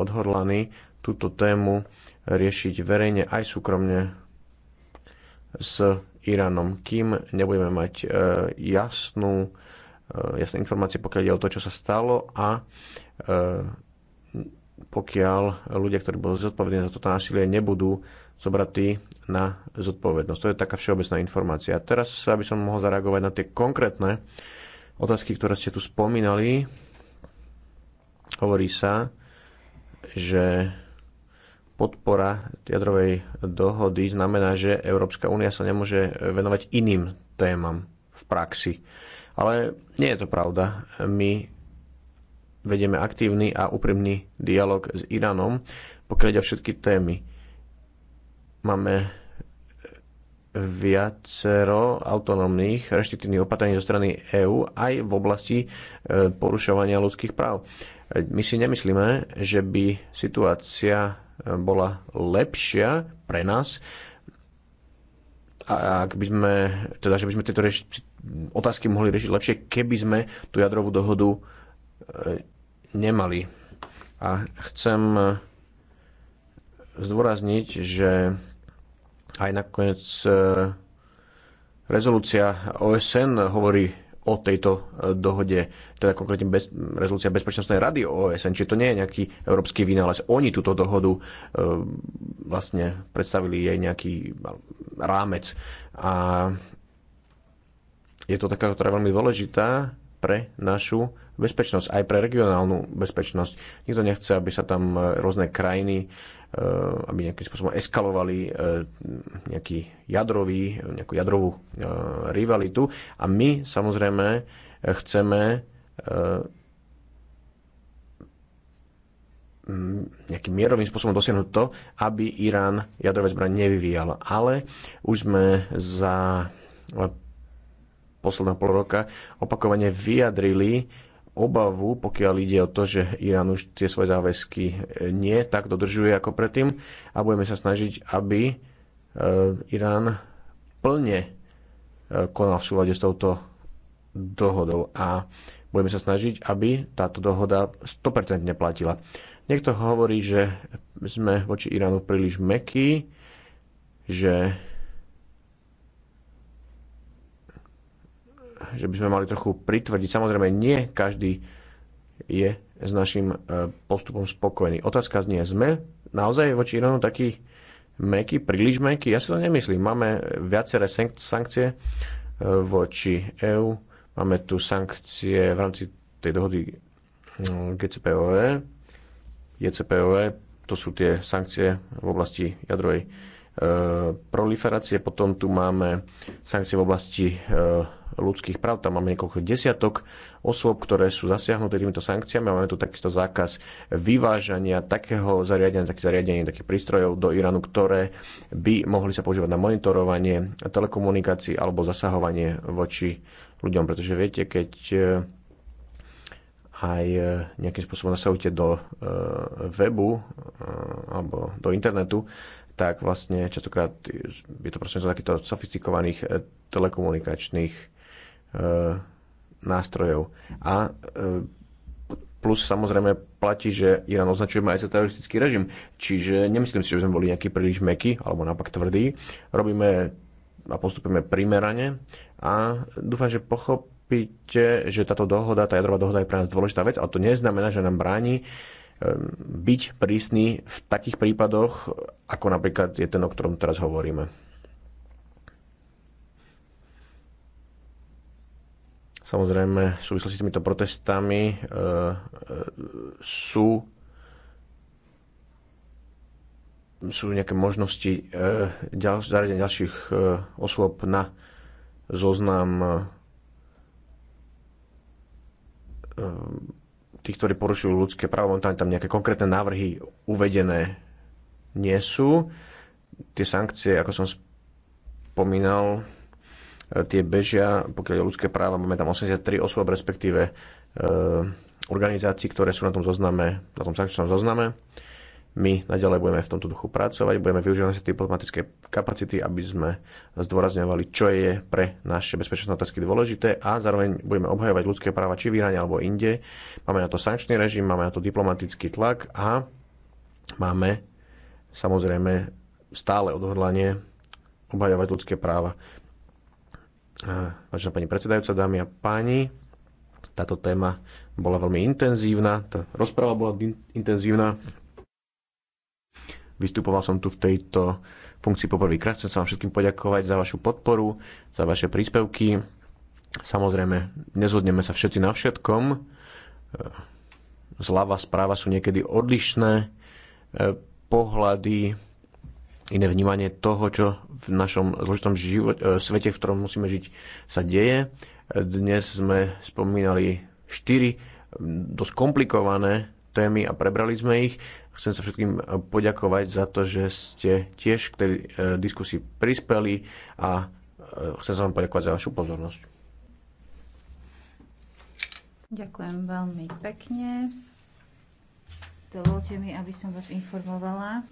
odhodlaní túto tému riešiť verejne aj súkromne s Iránom, kým nebudeme mať e, jasnú, e, jasné informácie, pokiaľ ide o to, čo sa stalo a e, pokiaľ ľudia, ktorí boli zodpovední za toto násilie, nebudú zobratí na zodpovednosť. To je taká všeobecná informácia. A teraz aby som mohol zareagovať na tie konkrétne otázky, ktoré ste tu spomínali. Hovorí sa, že podpora jadrovej dohody znamená, že Európska únia sa nemôže venovať iným témam v praxi. Ale nie je to pravda. My vedieme aktívny a úprimný dialog s Iránom, pokiaľ ide všetky témy. Máme viacero autonómnych reštriktívnych opatrení zo strany EÚ aj v oblasti e, porušovania ľudských práv. My si nemyslíme, že by situácia eh, bola lepšia pre nás, a ak by sme, teda, že by sme tieto reši- otázky mohli riešiť lepšie, keby sme tú jadrovú dohodu eh, nemali. A chcem eh, zdôrazniť, že aj nakoniec rezolúcia OSN hovorí o tejto e, dohode, teda konkrétne bez, rezolúcia Bezpečnostnej rady OSN, či to nie je nejaký európsky vynález. Oni túto dohodu e, vlastne predstavili jej nejaký e, rámec a je to taká, ktorá je veľmi dôležitá pre našu bezpečnosť, aj pre regionálnu bezpečnosť. Nikto nechce, aby sa tam e, rôzne krajiny Eh, aby nejakým spôsobom eskalovali eh, nejaký jadrový, nejakú jadrovú eh, rivalitu. A my samozrejme chceme nejakým mierovým spôsobom dosiahnuť to, aby Irán jadrové zbranie nevyvíjal. Ale už sme za posledného pol roka opakovane vyjadrili obavu, pokiaľ ide o to, že Irán už tie svoje záväzky e, nie tak dodržuje ako predtým a budeme sa snažiť, aby e, Irán plne e, konal v súlade s touto dohodou a budeme sa snažiť, aby táto dohoda 100% platila. Niekto hovorí, že sme voči Iránu príliš mekí, že že by sme mali trochu pritvrdiť. Samozrejme, nie každý je s našim e, postupom spokojný. Otázka znie, sme naozaj voči Iránu taký meky, príliš meky? Ja si to nemyslím. Máme viaceré sankcie e, voči EÚ, máme tu sankcie v rámci tej dohody no, GCPOE, GCPOE, to sú tie sankcie v oblasti jadrovej proliferácie, potom tu máme sankcie v oblasti e, ľudských práv, tam máme niekoľko desiatok osôb, ktoré sú zasiahnuté týmito sankciami máme tu takisto zákaz vyvážania takého zariadenia, takých zariadení, takých prístrojov do Iránu, ktoré by mohli sa používať na monitorovanie telekomunikácií alebo zasahovanie voči ľuďom, pretože viete, keď e, aj e, nejakým spôsobom zasahujete do webu alebo do internetu, tak vlastne častokrát je to z takýchto sofistikovaných eh, telekomunikačných e, nástrojov. A e, Plus samozrejme platí, že Irán označuje aj za teroristický režim. Čiže nemyslím si, že by sme boli nejaký príliš meky, alebo naopak tvrdý. Robíme a postupujeme primerane a dúfam, že pochopíte, že táto dohoda, tá jadrová dohoda je pre nás dôležitá vec, ale to neznamená, že nám bráni Ehm, byť prísny v takých prípadoch, ako napríklad je ten, o ktorom teraz hovoríme. Samozrejme, v súvislosti s týmito protestami e, e, sú sú nejaké možnosti e, ďal, zariadenia ďalších e, osôb na zoznam e, tých, ktorí porušujú ľudské právo. Momentálne tam nejaké konkrétne návrhy uvedené nie sú. Tie sankcie, ako som spomínal, e, tie bežia, pokiaľ je ľudské práva, máme tam 83 osôb, respektíve e, organizácií, ktoré sú na tom zozname, na tom sankčnom zozname. E, my naďalej budeme v tomto duchu pracovať, budeme využívať naše diplomatické kapacity, aby sme zdôrazňovali, čo je pre naše bezpečnostné otázky dôležité a zároveň budeme obhajovať ľudské práva či v Iráne alebo inde. Máme na to sankčný režim, máme na to diplomatický tlak a máme samozrejme stále odhodlanie obhajovať ľudské práva. Vážená pani predsedajúca, dámy a páni, táto téma bola veľmi intenzívna, tá rozpráva bola intenzívna Vystupoval som tu v tejto funkcii poprvýkrát. Chcem sa vám všetkým poďakovať za vašu podporu, za vaše príspevky. Samozrejme, nezhodneme sa všetci na všetkom. E, zľava, správa sú niekedy odlišné e, pohľady, iné vnímanie toho, čo v našom zložitom e, svete, v ktorom musíme žiť, sa deje. Dnes sme spomínali štyri dosť komplikované témy a prebrali sme ich. Chcem sa všetkým e, poďakovať za to, že ste tiež k tej e, diskusii prispeli a e, chcem sa vám poďakovať za vašu pozornosť. Ďakujem veľmi pekne. Dovolte mi, aby som vás informovala,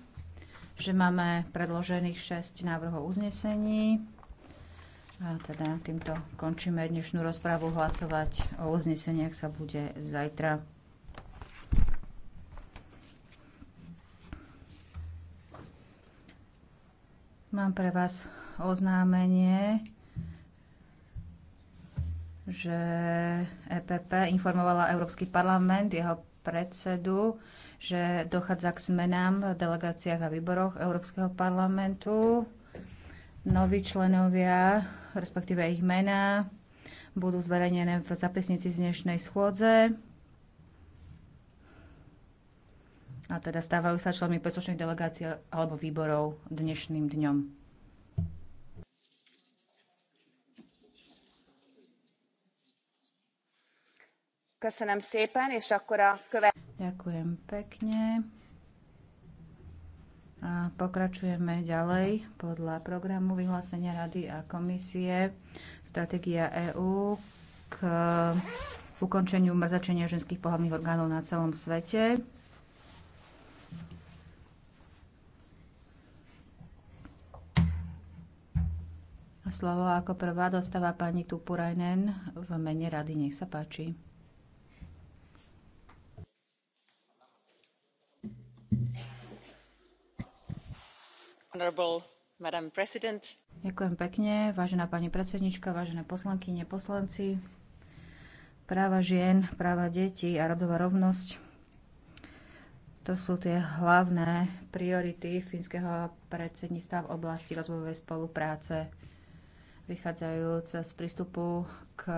že máme predložených 6 návrhov uznesení. A teda týmto končíme dnešnú rozprávu. Hlasovať o uzneseniach sa bude zajtra. Mám pre vás oznámenie, že EPP informovala Európsky parlament, jeho predsedu, že dochádza k zmenám v delegáciách a výboroch Európskeho parlamentu. Noví členovia, respektíve ich mená, budú zverejnené v zapisnici z dnešnej schôdze. a teda stávajú sa členmi príslušných delegácií alebo výborov dnešným dňom. Ďakujem pekne. A pokračujeme ďalej podľa programu vyhlásenia Rady a komisie Stratégia EÚ k ukončeniu mrzačenia ženských pohľadných orgánov na celom svete. Slovo ako prvá dostáva pani Tupurajnen v mene rady. Nech sa páči. Ďakujem pekne, vážená pani predsednička, vážené poslankyne, poslanci. Práva žien, práva detí a rodová rovnosť to sú tie hlavné priority fínskeho predsedníctva v oblasti rozvojovej spolupráce vychádzajúc z prístupu k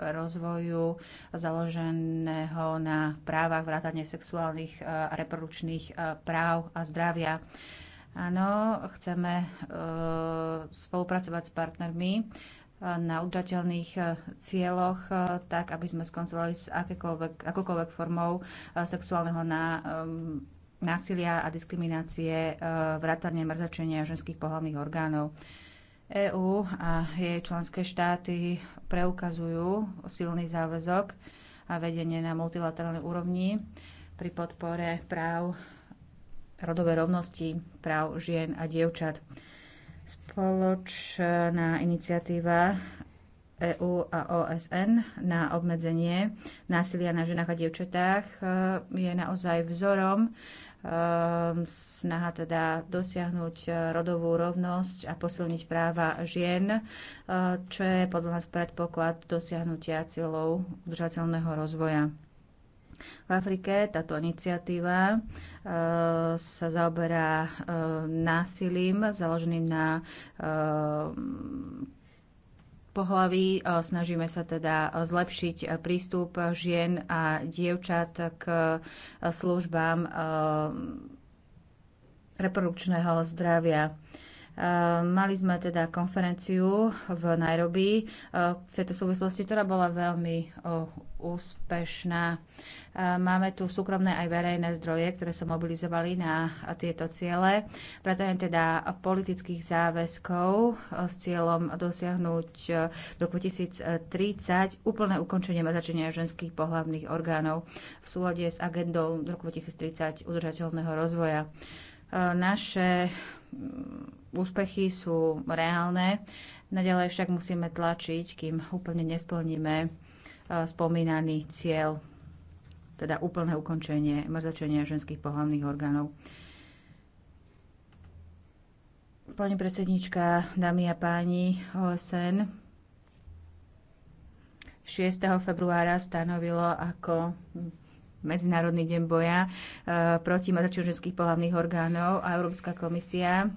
rozvoju založeného na právach vrátane sexuálnych e, a reprodukčných e, práv a zdravia. Áno, chceme e, spolupracovať s partnermi na udržateľných cieľoch, tak aby sme skoncovali s akokoľvek formou sexuálneho na, násilia a diskriminácie, vrátane mrzačenia ženských pohľavných orgánov. EÚ a jej členské štáty preukazujú silný záväzok a vedenie na multilaterálnej úrovni pri podpore práv rodovej rovnosti, práv žien a dievčat. Spoločná iniciatíva EÚ a OSN na obmedzenie násilia na ženách a dievčatách e, je naozaj vzorom Ehm, snaha teda dosiahnuť e, rodovú rovnosť a posilniť práva žien, e, čo je podľa nás predpoklad dosiahnutia cieľov udržateľného rozvoja. V Afrike táto iniciatíva e, sa zaoberá násilím založeným na pohlaví. E, snažíme sa teda e, zlepšiť e, prístup žien a dievčat k službám reprodukčného zdravia. Ehm, mali sme teda konferenciu v Nairobi eh, v tejto súvislosti, ktorá bola veľmi úspešná. Ehm, máme tu súkromné aj verejné zdroje, ktoré sa mobilizovali na tieto ciele. Vrátane teda politických záväzkov eh, s cieľom dosiahnuť v eh, roku 2030 úplné ukončenie mrzačenia ženských pohľavných orgánov v súlade s agendou roku 2030 udržateľného rozvoja. Naše mm, úspechy sú reálne. Naďalej však musíme tlačiť, kým úplne nesplníme e, spomínaný cieľ, teda úplné ukončenie mrzačenia ženských pohľavných orgánov. Pani predsednička, dámy a páni, OSN 6. februára stanovilo ako Medzinárodný deň boja e, proti mrzačeniu ženských pohľavných orgánov a Európska komisia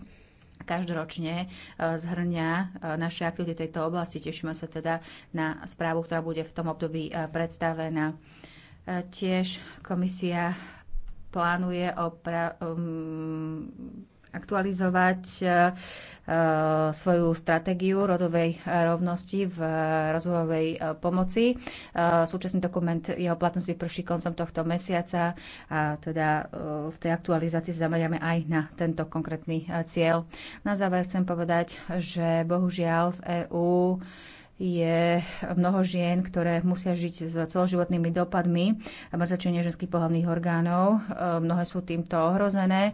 každoročne e, zhrňa e, naše aktivity v tejto oblasti. Tešíme sa teda na správu, ktorá bude v tom období e, predstavená. Tiež komisia plánuje opra- um, aktualizovať e, e, svoju stratégiu rodovej rovnosti v rozvojovej e, pomoci. Súčasný dokument jeho platnosti prší koncom tohto mesiaca a teda v tej aktualizácii zameriame aj na tento konkrétny cieľ. Na záver chcem povedať, že bohužiaľ v EÚ je mnoho žien, ktoré musia žiť s celoživotnými dopadmi mazačenie ženských pohľavných orgánov. E, mnohé sú týmto ohrozené. E,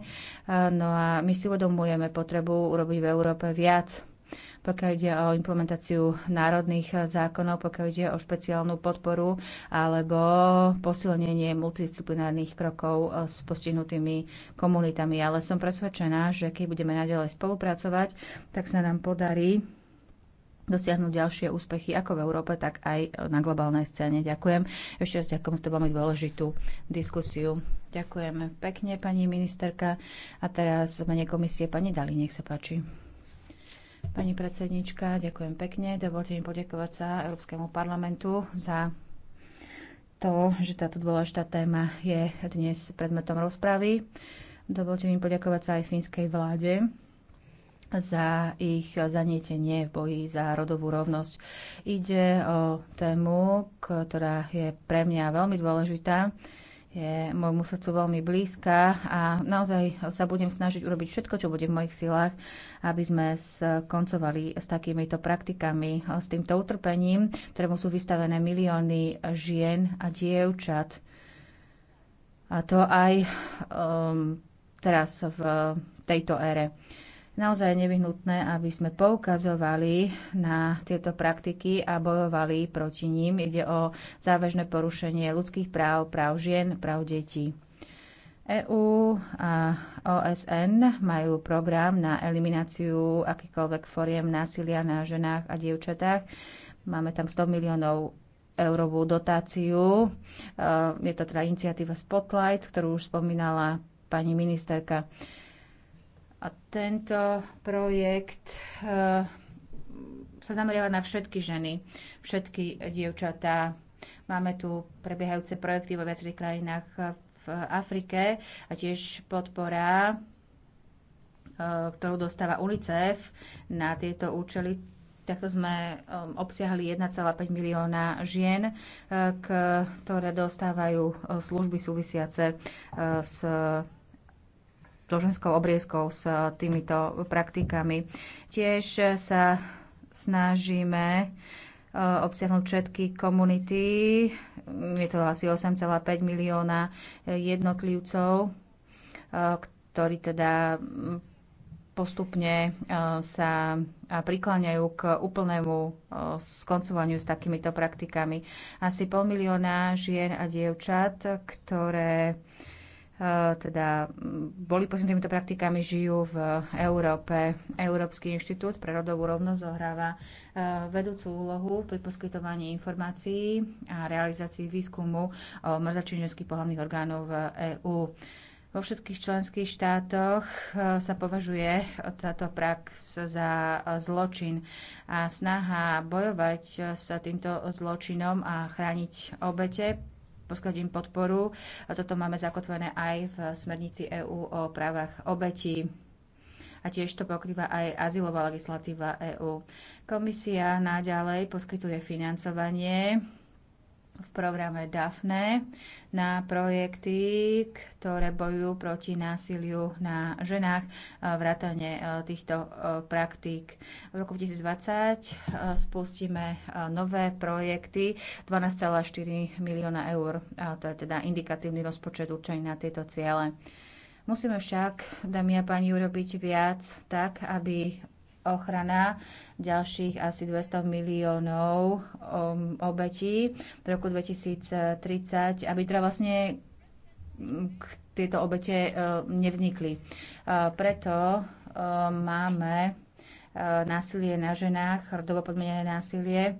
no a my si uvedomujeme potrebu urobiť v Európe viac pokiaľ ide o implementáciu národných zákonov, pokiaľ ide o špeciálnu podporu alebo posilnenie multidisciplinárnych krokov e, s postihnutými komunitami. Ale som presvedčená, že keď budeme naďalej spolupracovať, tak sa nám podarí dosiahnuť ďalšie úspechy ako v Európe, tak aj na globálnej scéne. Ďakujem. Ešte raz ďakujem, ste veľmi dôležitú diskusiu. Ďakujem pekne, pani ministerka. A teraz mene komisie pani Dali, nech sa páči. Pani predsednička, ďakujem pekne. Dovolte mi poďakovať sa Európskemu parlamentu za to, že táto dôležitá téma je dnes predmetom rozpravy. Dovolte mi poďakovať sa aj fínskej vláde, za ich zanietenie v boji za rodovú rovnosť. Ide o tému, ktorá je pre mňa veľmi dôležitá je môjmu srdcu veľmi blízka a naozaj sa budem snažiť urobiť všetko, čo bude v mojich silách, aby sme skoncovali s takýmito praktikami, s týmto utrpením, ktorému sú vystavené milióny žien a dievčat. A to aj um, teraz v tejto ére naozaj nevyhnutné, aby sme poukazovali na tieto praktiky a bojovali proti ním. Ide o závažné porušenie ľudských práv, práv žien, práv detí. EÚ a OSN majú program na elimináciu akýkoľvek foriem násilia na ženách a dievčatách. Máme tam 100 miliónov eurovú dotáciu. E, je to teda iniciatíva Spotlight, ktorú už spomínala pani ministerka. A tento projekt eh, sa zameriava na všetky ženy, všetky dievčatá. Máme tu prebiehajúce projekty vo viacerých krajinách v Afrike a tiež podpora, eh, ktorú dostáva UNICEF na tieto účely. Takto sme eh, obsiahli 1,5 milióna žien, ktoré dostávajú služby súvisiace s dlženskou obriezkou s eh, týmito praktikami. Tiež eh, sa snažíme eh, obsiahnuť všetky komunity. Mm, je to asi 8,5 milióna jednotlivcov, ktorí teda mm, postupne sa prikláňajú k úplnému skoncovaniu s takýmito praktikami. Asi pol milióna žien a dievčat, ktoré E, teda boli posunutými týmito praktikami, žijú v Európe. Európsky inštitút pre rodovú rovnosť zohráva e, vedúcu úlohu pri poskytovaní informácií a realizácii výskumu o mrzačí ženských pohľavných orgánov v EÚ. Vo všetkých členských štátoch e, sa považuje táto prax za zločin a snaha bojovať sa týmto zločinom a chrániť obete poskytnúť im podporu. A toto máme zakotvené aj v smernici EÚ o právach obetí a tiež to pokrýva aj azylová legislatíva EÚ. Komisia naďalej poskytuje financovanie v programe DAFNE na projekty, ktoré bojujú proti násiliu na ženách, vrátane e, týchto e, praktík. V roku 2020 e, spustíme nové projekty, 12,4 milióna eur, to je teda indikatívny rozpočet určený na tieto ciele. Musíme však, dámy a páni, urobiť viac tak, aby ochrana ďalších asi 200 miliónov um, obetí v roku 2030, aby teda vlastne mm, tieto obete uh, nevznikli. Uh, preto uh, máme násilie na ženách, rodovo podmienené násilie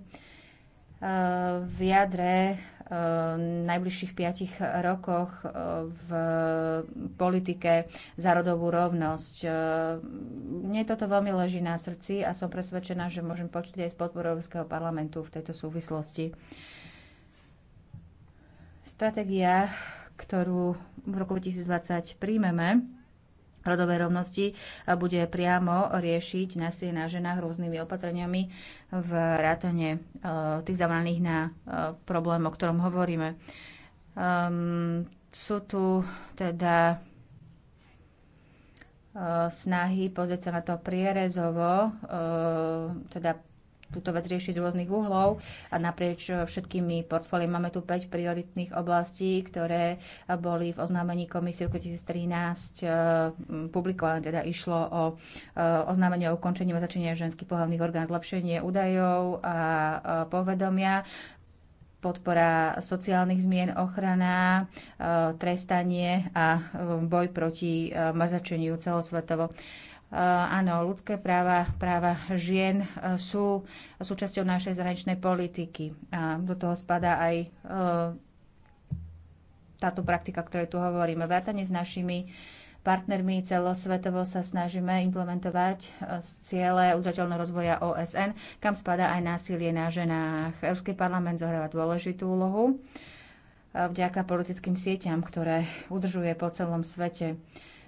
v jadre najbližších piatich rokoch e, v politike za rodovú rovnosť. E, mne toto veľmi leží na srdci a som presvedčená, že môžem počuť aj z podporu Európskeho parlamentu v tejto súvislosti. Stratégia, ktorú v roku 2020 príjmeme, rodovej rovnosti bude priamo riešiť násilie na ženách rôznymi opatreniami v rátane e, tých zavraných na e, problém, o ktorom hovoríme. Um, sú tu teda e, snahy pozrieť sa na to prierezovo, teda túto vec riešiť z rôznych uhlov a naprieč eh, všetkými portfóliami. Máme tu 5 prioritných oblastí, ktoré eh, boli v oznámení komisie roku 2013 eh, publikované. Teda išlo o oznámenie o ukončení začenia ženských pohľavných orgán, zlepšenie údajov a povedomia podpora sociálnych zmien, ochrana, trestanie a boj proti mrzačeniu celosvetovo. Eh, áno, ľudské práva, práva žien eh, sú súčasťou našej zahraničnej politiky. A do toho spadá aj eh, táto praktika, o ktorej tu hovoríme. Vrátane s našimi partnermi celosvetovo sa snažíme implementovať z ciele udržateľného rozvoja OSN, kam spadá aj násilie na ženách. Európsky parlament zohráva dôležitú úlohu vďaka politickým sieťam, ktoré udržuje po celom svete.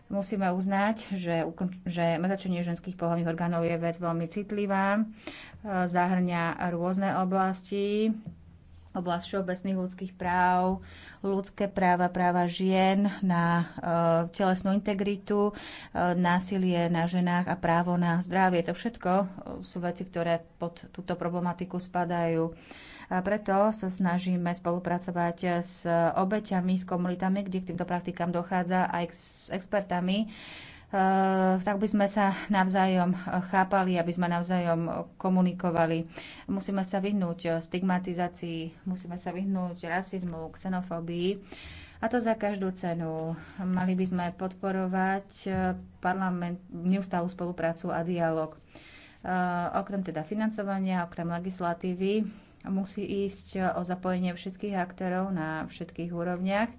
Musíme uznať, že, že mazačenie ženských pohľavných orgánov je vec veľmi citlivá, e, zahrňa rôzne oblasti, oblasť všeobecných ľudských práv, ľudské práva, práva žien na e, telesnú integritu, e, násilie na ženách a právo na zdravie. To všetko e, sú veci, ktoré pod túto problematiku spadajú. E, a preto sa snažíme spolupracovať s obeťami, s komunitami, kde k týmto praktikám dochádza, aj s expertami e, tak by sme sa navzájom chápali, aby sme navzájom komunikovali. Musíme sa vyhnúť stigmatizácii, musíme sa vyhnúť rasizmu, xenofóbii. A to za každú cenu. Mali by sme podporovať e, parlament, neustálu spoluprácu a dialog. E, okrem teda financovania, okrem legislatívy, Musí ísť e, o zapojenie všetkých aktérov na všetkých úrovniach. E,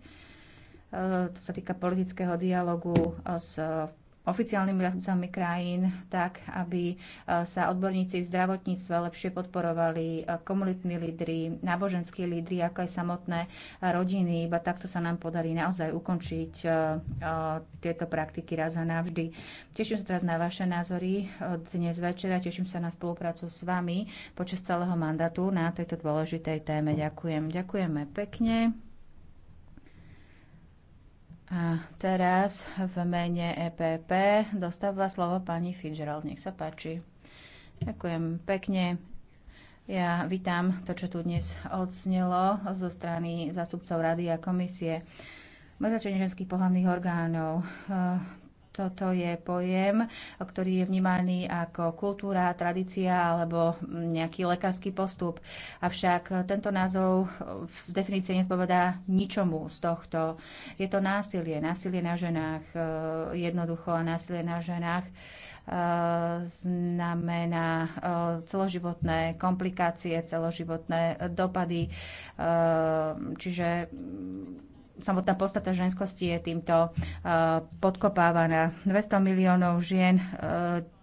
to sa týka politického dialogu e, s oficiálnymi zástupcami krajín, tak aby e, sa odborníci v zdravotníctve lepšie podporovali, e, komunitní lídry, náboženskí lídry, ako aj samotné rodiny. Iba takto sa nám podarí naozaj ukončiť e, tieto praktiky raz a navždy. Teším sa teraz na vaše názory dnes večera, teším sa na spoluprácu s vami počas celého mandátu na tejto dôležitej téme. Ďakujem. Ďakujeme pekne. A teraz v mene EPP dostáva slovo pani Fitzgerald. Nech sa páči. Ďakujem pekne. Ja vítam to, čo tu dnes odsnelo zo strany zástupcov Rady a komisie. Mrzačenie ženských pohľadných orgánov. Toto je pojem, ktorý je vnímaný ako kultúra, tradícia alebo nejaký lekársky postup. Avšak tento názov z definície nezpovedá ničomu z tohto. Je to násilie, násilie na ženách, e, jednoducho a násilie na ženách e, znamená e, celoživotné komplikácie, celoživotné dopady. Čiže samotná podstata ženskosti je týmto e, podkopávaná. 200 miliónov žien, e,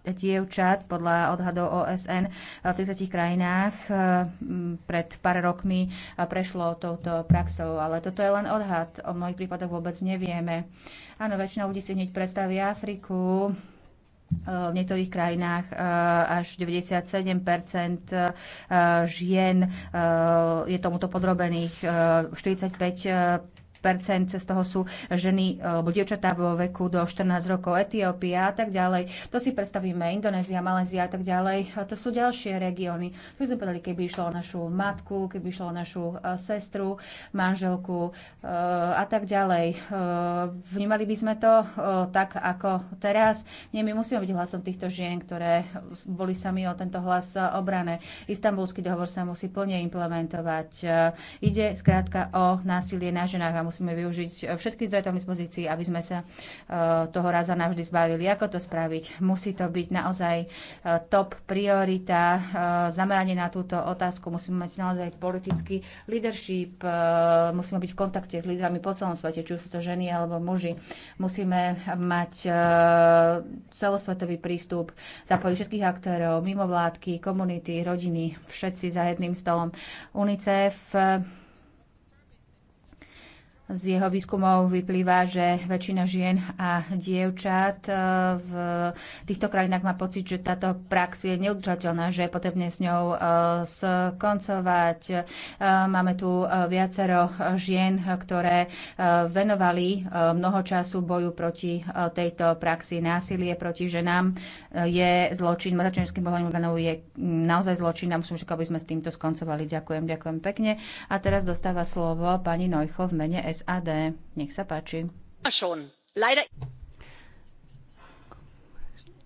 dievčat podľa odhadov OSN e, v 30 krajinách pred pár rokmi prešlo touto praxou. Ale toto je len odhad. O mnohých prípadoch vôbec nevieme. Áno, väčšina ľudí si hneď predstaví Afriku, v niektorých krajinách až 97 žien je tomuto podrobených, 45 z toho sú ženy e, alebo dievčatá vo veku do 14 rokov, Etiópia a tak ďalej. To si predstavíme, Indonézia, Malézia a tak ďalej. A to sú ďalšie regióny. My sme povedali, keby išlo o našu matku, keby išlo o našu e, sestru, manželku e, a tak ďalej. Vnímali by sme to tak, ako teraz. Nie, my musíme byť hlasom týchto žien, ktoré boli sami o tento hlas obrané. Istanbulský dohovor sa musí plne implementovať. Ide skrátka o násilie na ženách a musíme využiť e, všetky zdroje tam dispozícii, aby sme sa e, toho raz a navždy zbavili. Ako to spraviť? Musí to byť naozaj e, top priorita, zameranie na túto otázku. Musíme mať naozaj politický leadership, musíme byť v kontakte s lídrami po celom svete, či sú to ženy alebo muži. Musíme mať celosvetový prístup, zapojiť všetkých aktérov, mimovládky, komunity, rodiny, všetci za jedným stolom. UNICEF z jeho výskumov vyplýva, že väčšina žien a dievčat e, v týchto krajinách má pocit, že táto prax je neudržateľná, že je potrebné s ňou e, skoncovať. E, máme tu viacero žien, ktoré venovali mnoho času boju proti tejto praxi. Násilie proti ženám je zločin, mrzačenským pohľadom je naozaj zločin a musím že aby sme s týmto skoncovali. Ďakujem, ďakujem pekne. A teraz dostáva slovo pani Nojcho v mene SAD. Nech sa páči.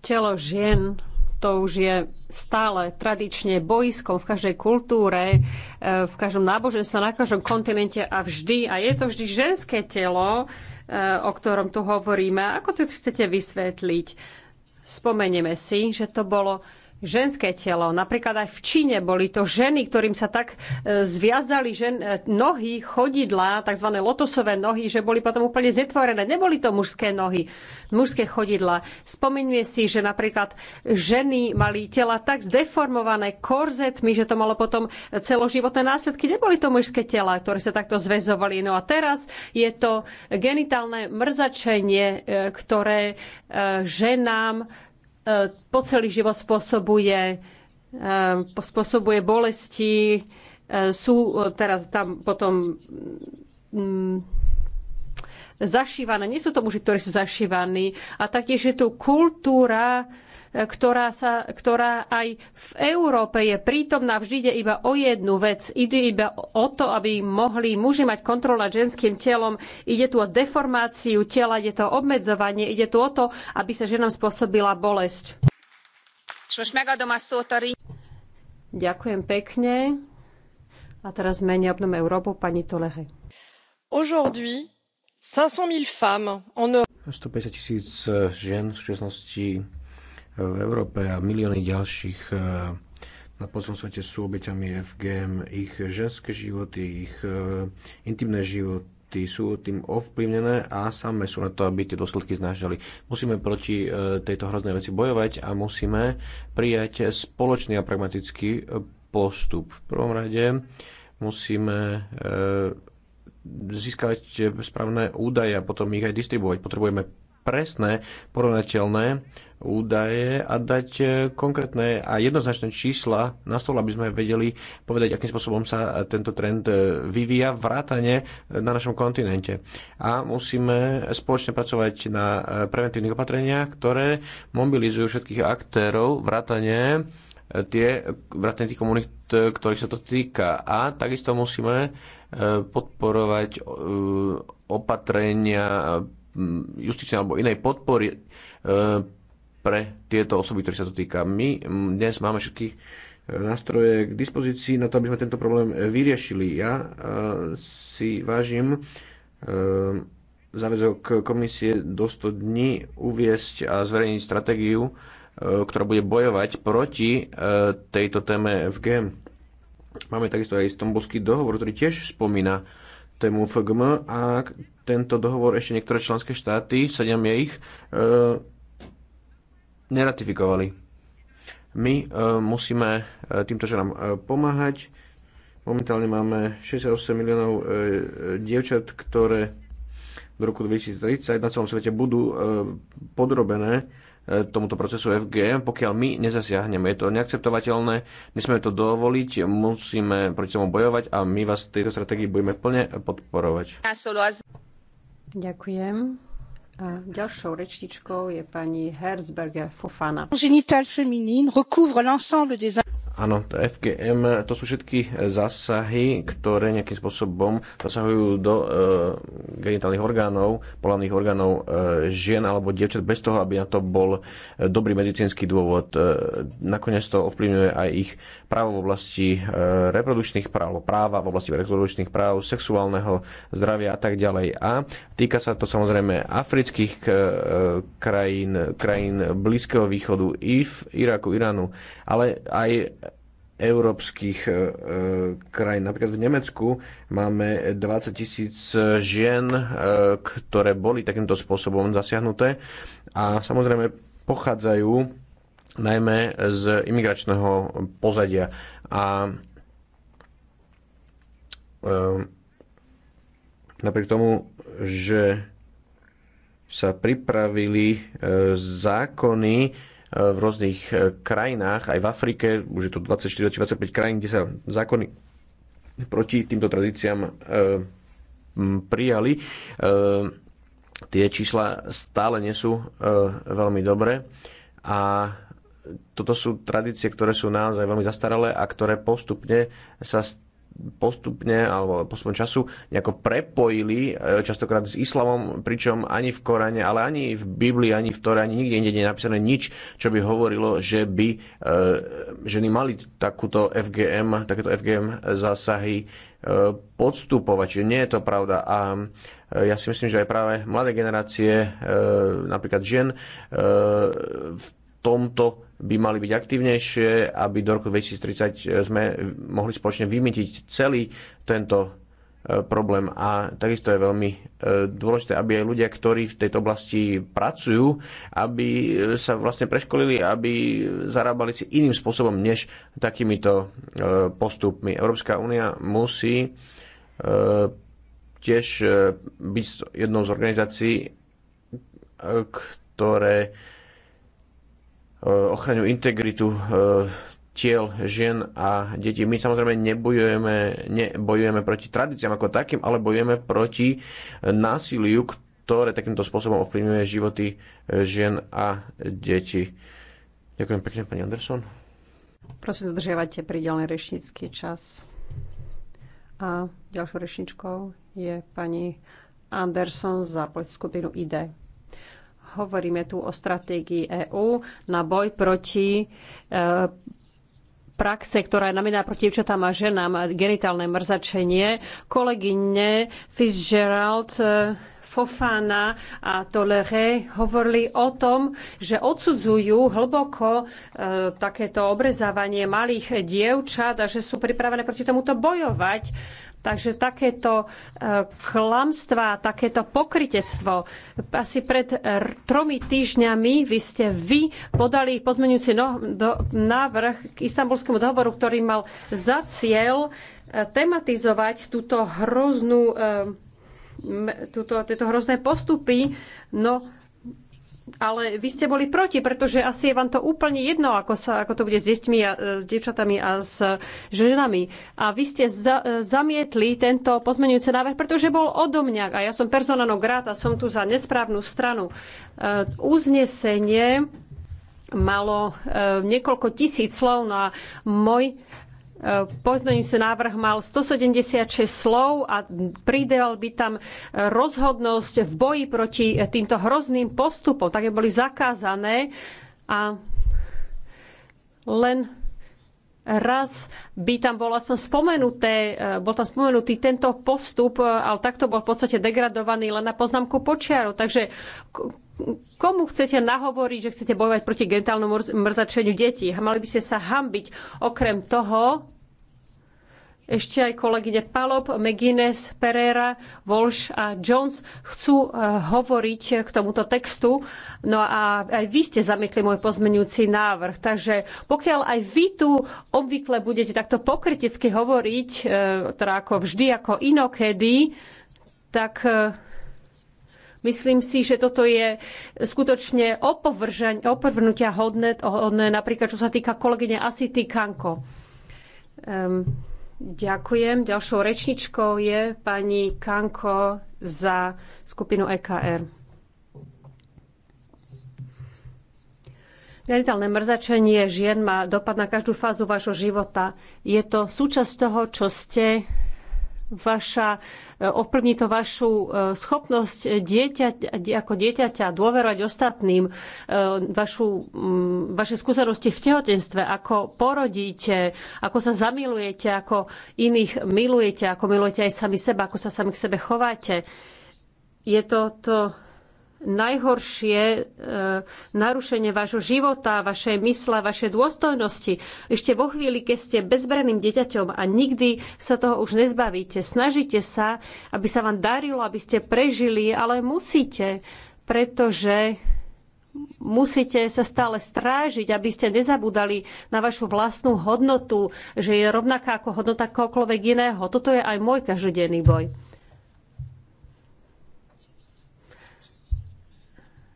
Telo žien to už je stále tradične bojskom v každej kultúre, e, v každom náboženstve, na každom kontinente a vždy. A je to vždy ženské telo, e, o ktorom tu hovoríme. Ako to chcete vysvetliť? Spomenieme si, že to bolo ženské telo. Napríklad aj v Číne boli to ženy, ktorým sa tak e, zviazali žen, e, nohy, chodidla, tzv. lotosové nohy, že boli potom úplne zetvorené. Neboli to mužské nohy, mužské chodidla. Spomínme si, že napríklad ženy mali tela tak zdeformované korzetmi, že to malo potom celoživotné následky. Neboli to mužské tela, ktoré sa takto zväzovali. No a teraz je to genitálne mrzačenie, e, ktoré ženám po celý život spôsobuje, eh, spôsobuje bolesti, eh, sú eh, teraz tam potom mm, zašívané, nie sú to muži, ktorí sú zašívaní. A taktiež je tu kultúra ktorá, sa, ktorá aj v Európe je prítomná. Vždy ide iba o jednu vec. Ide iba o to, aby mohli muži mať kontrolu nad ženským telom. Ide tu o deformáciu tela, ide to o obmedzovanie, ide tu o to, aby sa ženám spôsobila bolesť. Ďakujem pekne. A teraz menej obnom Európu pani Tolehe. Aujourd'hui, 500 000 femmes en Europe. 150 žien v súčasnosti v Európe a milióny ďalších eh, na celom svete sú obeťami FGM. Ich ženské životy, ich eh, intimné životy sú tým ovplyvnené a same sú na to, aby tie dôsledky znášali. Musíme proti eh, tejto hroznej veci bojovať a musíme prijať spoločný a pragmatický postup. V prvom rade musíme získať správne údaje a potom ich aj distribuovať. Potrebujeme presné porovnateľné údaje a dať e, konkrétne a jednoznačné čísla na stôl, aby sme vedeli povedať, akým spôsobom sa tento trend e, vyvíja vrátane e, na našom kontinente. A musíme spoločne pracovať na preventívnych opatreniach, ktoré mobilizujú všetkých aktérov vrátane tie, vrátane tých komunít, ktorých sa to týka. A takisto musíme podporovať opatrenia justičnej alebo inej podpory e, pre tieto osoby, ktoré sa to týka. My dnes máme všetky e, nástroje k dispozícii na to, aby sme tento problém vyriešili. Ja e, si vážim záväzok komisie do 100 dní uviesť a zverejniť stratégiu, ktorá bude bojovať proti tejto téme FGM. Máme takisto aj stombolský dohovor, ktorý tiež spomína tému FGM a tento dohovor ešte niektoré členské štáty, sedem je ich, e, neratifikovali. My e, musíme e, týmto ženám pomáhať. Momentálne máme 68 miliónov dievčat, ktoré do roku 2030 na celom svete budú podrobené tomuto procesu FGM, pokiaľ my nezasiahneme. Je to neakceptovateľné, nesmieme to dovoliť, musíme proti tomu bojovať a my vás v tejto stratégii budeme plne podporovať. Ďakujem. A ďalšou rečničkou je pani Herzberger Fofana. Genital féminine recouvre l'ensemble des Áno, FGM to sú všetky zásahy, ktoré nejakým spôsobom zasahujú do e, genitálnych orgánov, polavných orgánov e, žien alebo dievčat bez toho, aby na to bol e, dobrý medicínsky dôvod. E, nakoniec to ovplyvňuje aj ich právo v oblasti e, reprodukčných práv, práva v oblasti reprodukčných práv, sexuálneho zdravia a tak ďalej. A týka sa to samozrejme afrických e, krajín, krajín Blízkeho východu, i v Iraku, Iránu, ale aj európskych e, e, krajín. Napríklad v Nemecku máme 20 tisíc žien, e, ktoré boli takýmto spôsobom zasiahnuté a samozrejme pochádzajú najmä z imigračného pozadia. A napriek tomu, že sa pripravili zákony, E, v rôznych e, krajinách, aj v Afrike, už je to 24 či 25 krajín, kde sa zákony proti týmto tradíciám e, prijali. Tie čísla stále nie sú veľmi dobré a toto sú tradície, ktoré sú naozaj veľmi zastaralé a ktoré postupne sa postupne alebo postupom času nejako prepojili e, častokrát s islamom, pričom ani v Korane, ale ani v Biblii, ani v Tore, ani nikde inde nie je napísané nič, čo by hovorilo, že by e, ženy mali takúto FGM, takéto FGM zásahy e, podstupovať. Čiže nie je to pravda. A ja si myslím, že aj práve mladé generácie, napríklad žien, v tomto by mali byť aktívnejšie, aby do roku 2030 e, sme mohli spoločne vymytiť celý tento e, problém. A takisto je veľmi e, dôležité, aby aj ľudia, ktorí v tejto oblasti pracujú, aby sa vlastne preškolili, aby zarábali si iným spôsobom než takýmito postupmi. Európska únia musí tiež byť jednou z organizácií, ktoré Eh, ochraňujú integritu eh, tiel žien a detí. My samozrejme nebojujeme, nebojujeme proti tradíciám ako takým, ale bojujeme proti násiliu, ktoré takýmto spôsobom ovplyvňuje životy eh, žien a detí. Ďakujem pekne, pani Anderson. Prosím, dodržiavajte pridelný rečnícky čas. A ďalšou rečničkou je pani Anderson za skupinu ID. Hovoríme tu o stratégii EÚ na boj proti e, praxe, ktorá je namená proti dievčatám a ženám, genitálne mrzačenie. Kolegyne Fitzgerald e, Fofana a Tolere hovorili o tom, že odsudzujú hlboko e, takéto obrezávanie malých dievčat a že sú pripravené proti tomuto bojovať. Takže takéto e, klamstvá, takéto pokritectvo. Asi pred tromi týždňami vy ste vy podali pozmenujúci no, do, návrh k istambulskému dohovoru, ktorý mal za cieľ e, tematizovať túto hroznú e, túto, tieto hrozné postupy. No ale vy ste boli proti, pretože asi je vám to úplne jedno, ako, sa, ako to bude s deťmi a e, s devčatami a e, s ženami. A vy ste za, e, zamietli tento pozmenujúci návrh, pretože bol odo mňa a ja som grát a som tu za nesprávnu stranu. uznesenie malo niekoľko tisíc slov na no môj pozmeňujúci návrh mal 176 slov a pridal by tam rozhodnosť v boji proti týmto hrozným postupom. Také boli zakázané a len raz by tam bol aspoň spomenuté, bol tam spomenutý tento postup, ale takto bol v podstate degradovaný len na poznámku počiaru. Takže komu chcete nahovoriť, že chcete bojovať proti genitálnemu mrzačeniu detí? Mali by ste sa hambiť. Okrem toho, ešte aj kolegyne Palop, McGuinness, Pereira, Walsh a Jones chcú eh, hovoriť eh, k tomuto textu. No a aj vy ste zamietli môj pozmenujúci návrh. Takže pokiaľ aj vy tu obvykle budete takto pokriticky hovoriť, eh, teda ako vždy, ako inokedy, tak Myslím si, že toto je skutočne opovrhnutia hodné, hodné, napríklad čo sa týka kolegyne Asity Kanko. Um, ďakujem. Ďalšou rečničkou je pani Kanko za skupinu EKR. Genitálne mrzačenie žien má dopad na každú fázu vášho života. Je to súčasť toho, čo ste vaša, e, ovplyvní to vašu e, schopnosť dieťa, ako dieťaťa dôverovať ostatným, e, vašu, vaše skúsenosti v tehotenstve, ako porodíte, ako sa zamilujete, ako iných milujete, ako milujete aj sami seba, ako sa sami k sebe chováte. Je to to najhoršie e, narušenie vášho života, vašej mysle, vašej dôstojnosti. Ešte vo chvíli, keď ste bezbraným dieťaťom a nikdy sa toho už nezbavíte. Snažite sa, aby sa vám darilo, aby ste prežili, ale musíte, pretože musíte sa stále strážiť, aby ste nezabudali na vašu vlastnú hodnotu, že je rovnaká ako hodnota kohokoľvek iného. Toto je aj môj každodenný boj.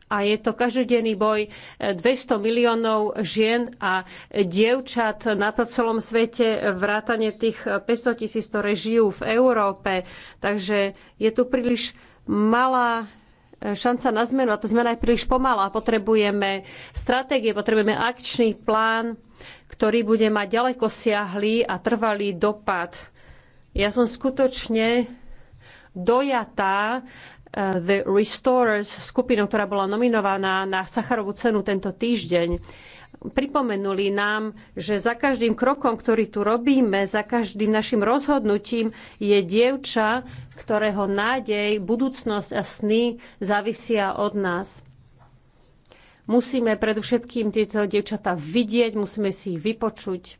a je to každodenný boj 200 e, miliónov žien a dievčat na to celom svete, vrátane tých 500 e, tisíc, ktoré žijú v Európe. Takže je tu príliš malá e, šanca na zmenu a tá zmena je príliš pomalá. Potrebujeme stratégie, potrebujeme akčný plán, ktorý bude mať ďaleko siahlý a trvalý dopad. Ja som skutočne dojatá Eh, The Restorers, skupina, ktorá bola nominovaná na Sacharovú cenu tento týždeň. Pripomenuli nám, že za každým krokom, ktorý tu robíme, za každým našim rozhodnutím je dievča, ktorého nádej, budúcnosť a sny závisia od nás. Musíme predovšetkým tieto dievčatá vidieť, musíme si ich vypočuť,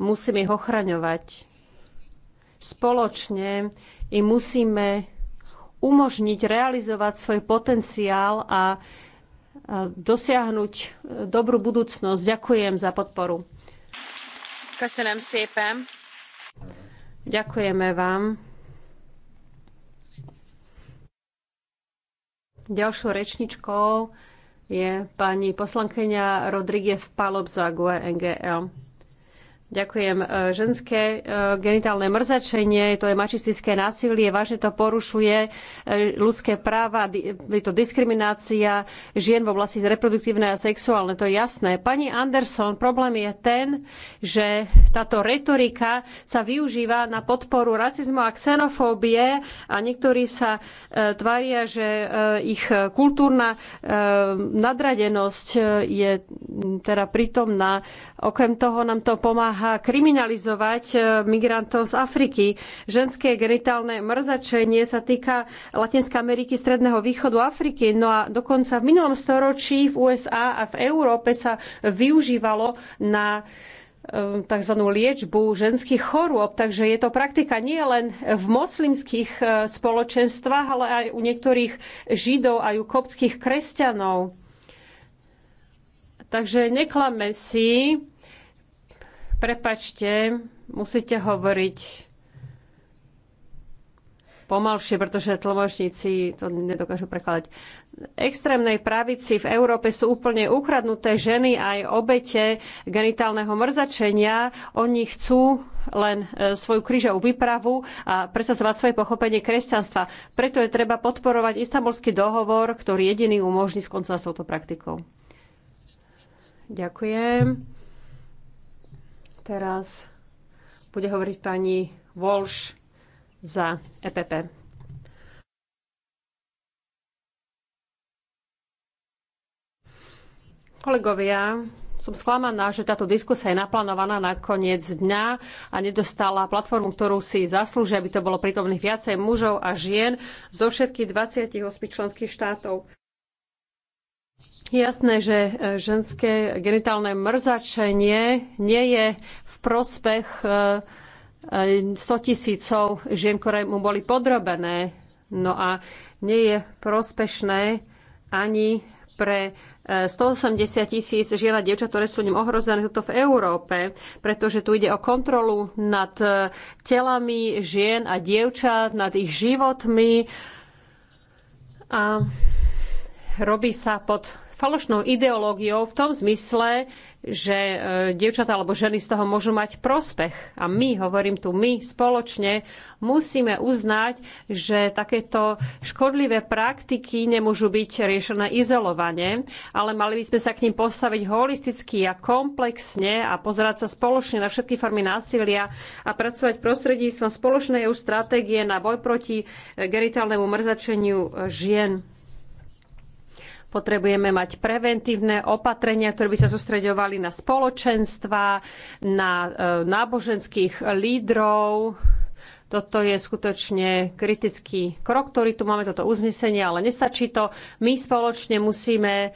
musíme ich ochraňovať. Spoločne im musíme umožniť realizovať svoj potenciál a dosiahnuť dobrú budúcnosť. Ďakujem za podporu. Ďakujeme vám. Ďalšou rečničkou je pani poslankyňa Rodríguez Palop za GUE NGL. Ďakujem. E, ženské e, genitálne mrzačenie, to je mačistické násilie, vážne to porušuje e, ľudské práva, je to diskriminácia žien v oblasti reproduktívne a sexuálne, to je jasné. Pani Anderson, problém je ten, že táto retorika sa využíva na podporu rasizmu a xenofóbie a niektorí sa tvária, že ich kultúrna nadradenosť je teda prítomná. Okrem toho nám to pomáha snaha kriminalizovať e, migrantov z Afriky. Ženské genitálne mrzačenie sa týka Latinskej Ameriky, Stredného východu, Afriky. No a dokonca v minulom storočí v USA a v Európe sa využívalo na e, tzv. liečbu ženských chorôb. Takže je to praktika nie len v moslimských e, spoločenstvách, ale aj u niektorých židov, aj u koptských kresťanov. Takže neklame si, Prepačte, musíte hovoriť pomalšie, pretože tlmočníci to nedokážu prekladať. Extrémnej pravici v Európe sú úplne ukradnuté ženy aj obete genitálneho mrzačenia. Oni chcú len e, svoju krížovú výpravu a predstavovať svoje pochopenie kresťanstva. Preto je treba podporovať istambulský dohovor, ktorý jediný umožní skoncovať s touto praktikou. Ďakujem. Teraz bude hovoriť pani Walsh za EPP. Kolegovia, som sklamaná, že táto diskusia je naplánovaná na koniec dňa a nedostala platformu, ktorú si zaslúžia, aby to bolo prítomných viacej mužov a žien zo všetkých 28 členských štátov jasné, že e, ženské genitálne mrzačenie nie je v prospech 100 e, e, tisícov žien, ktoré mu boli podrobené. No a nie je prospešné ani pre 180 tisíc žien a dievčat, ktoré sú ním ohrozené toto v Európe, pretože tu ide o kontrolu nad telami žien a dievčat, nad ich životmi a robí sa pod falošnou ideológiou v tom zmysle, že e, dievčatá alebo ženy z toho môžu mať prospech. A my, hovorím tu my spoločne, musíme uznať, že takéto škodlivé praktiky nemôžu byť riešené izolovane, ale mali by sme sa k ním postaviť holisticky a komplexne a pozerať sa spoločne na všetky formy násilia a pracovať prostredníctvom spoločnej EU stratégie na boj proti e, genitálnemu mrzačeniu e, žien. Potrebujeme mať preventívne opatrenia, ktoré by sa sústreďovali na spoločenstva, na e, náboženských lídrov. Toto je skutočne kritický krok, ktorý tu máme, toto uznesenie, ale nestačí to. My spoločne musíme e,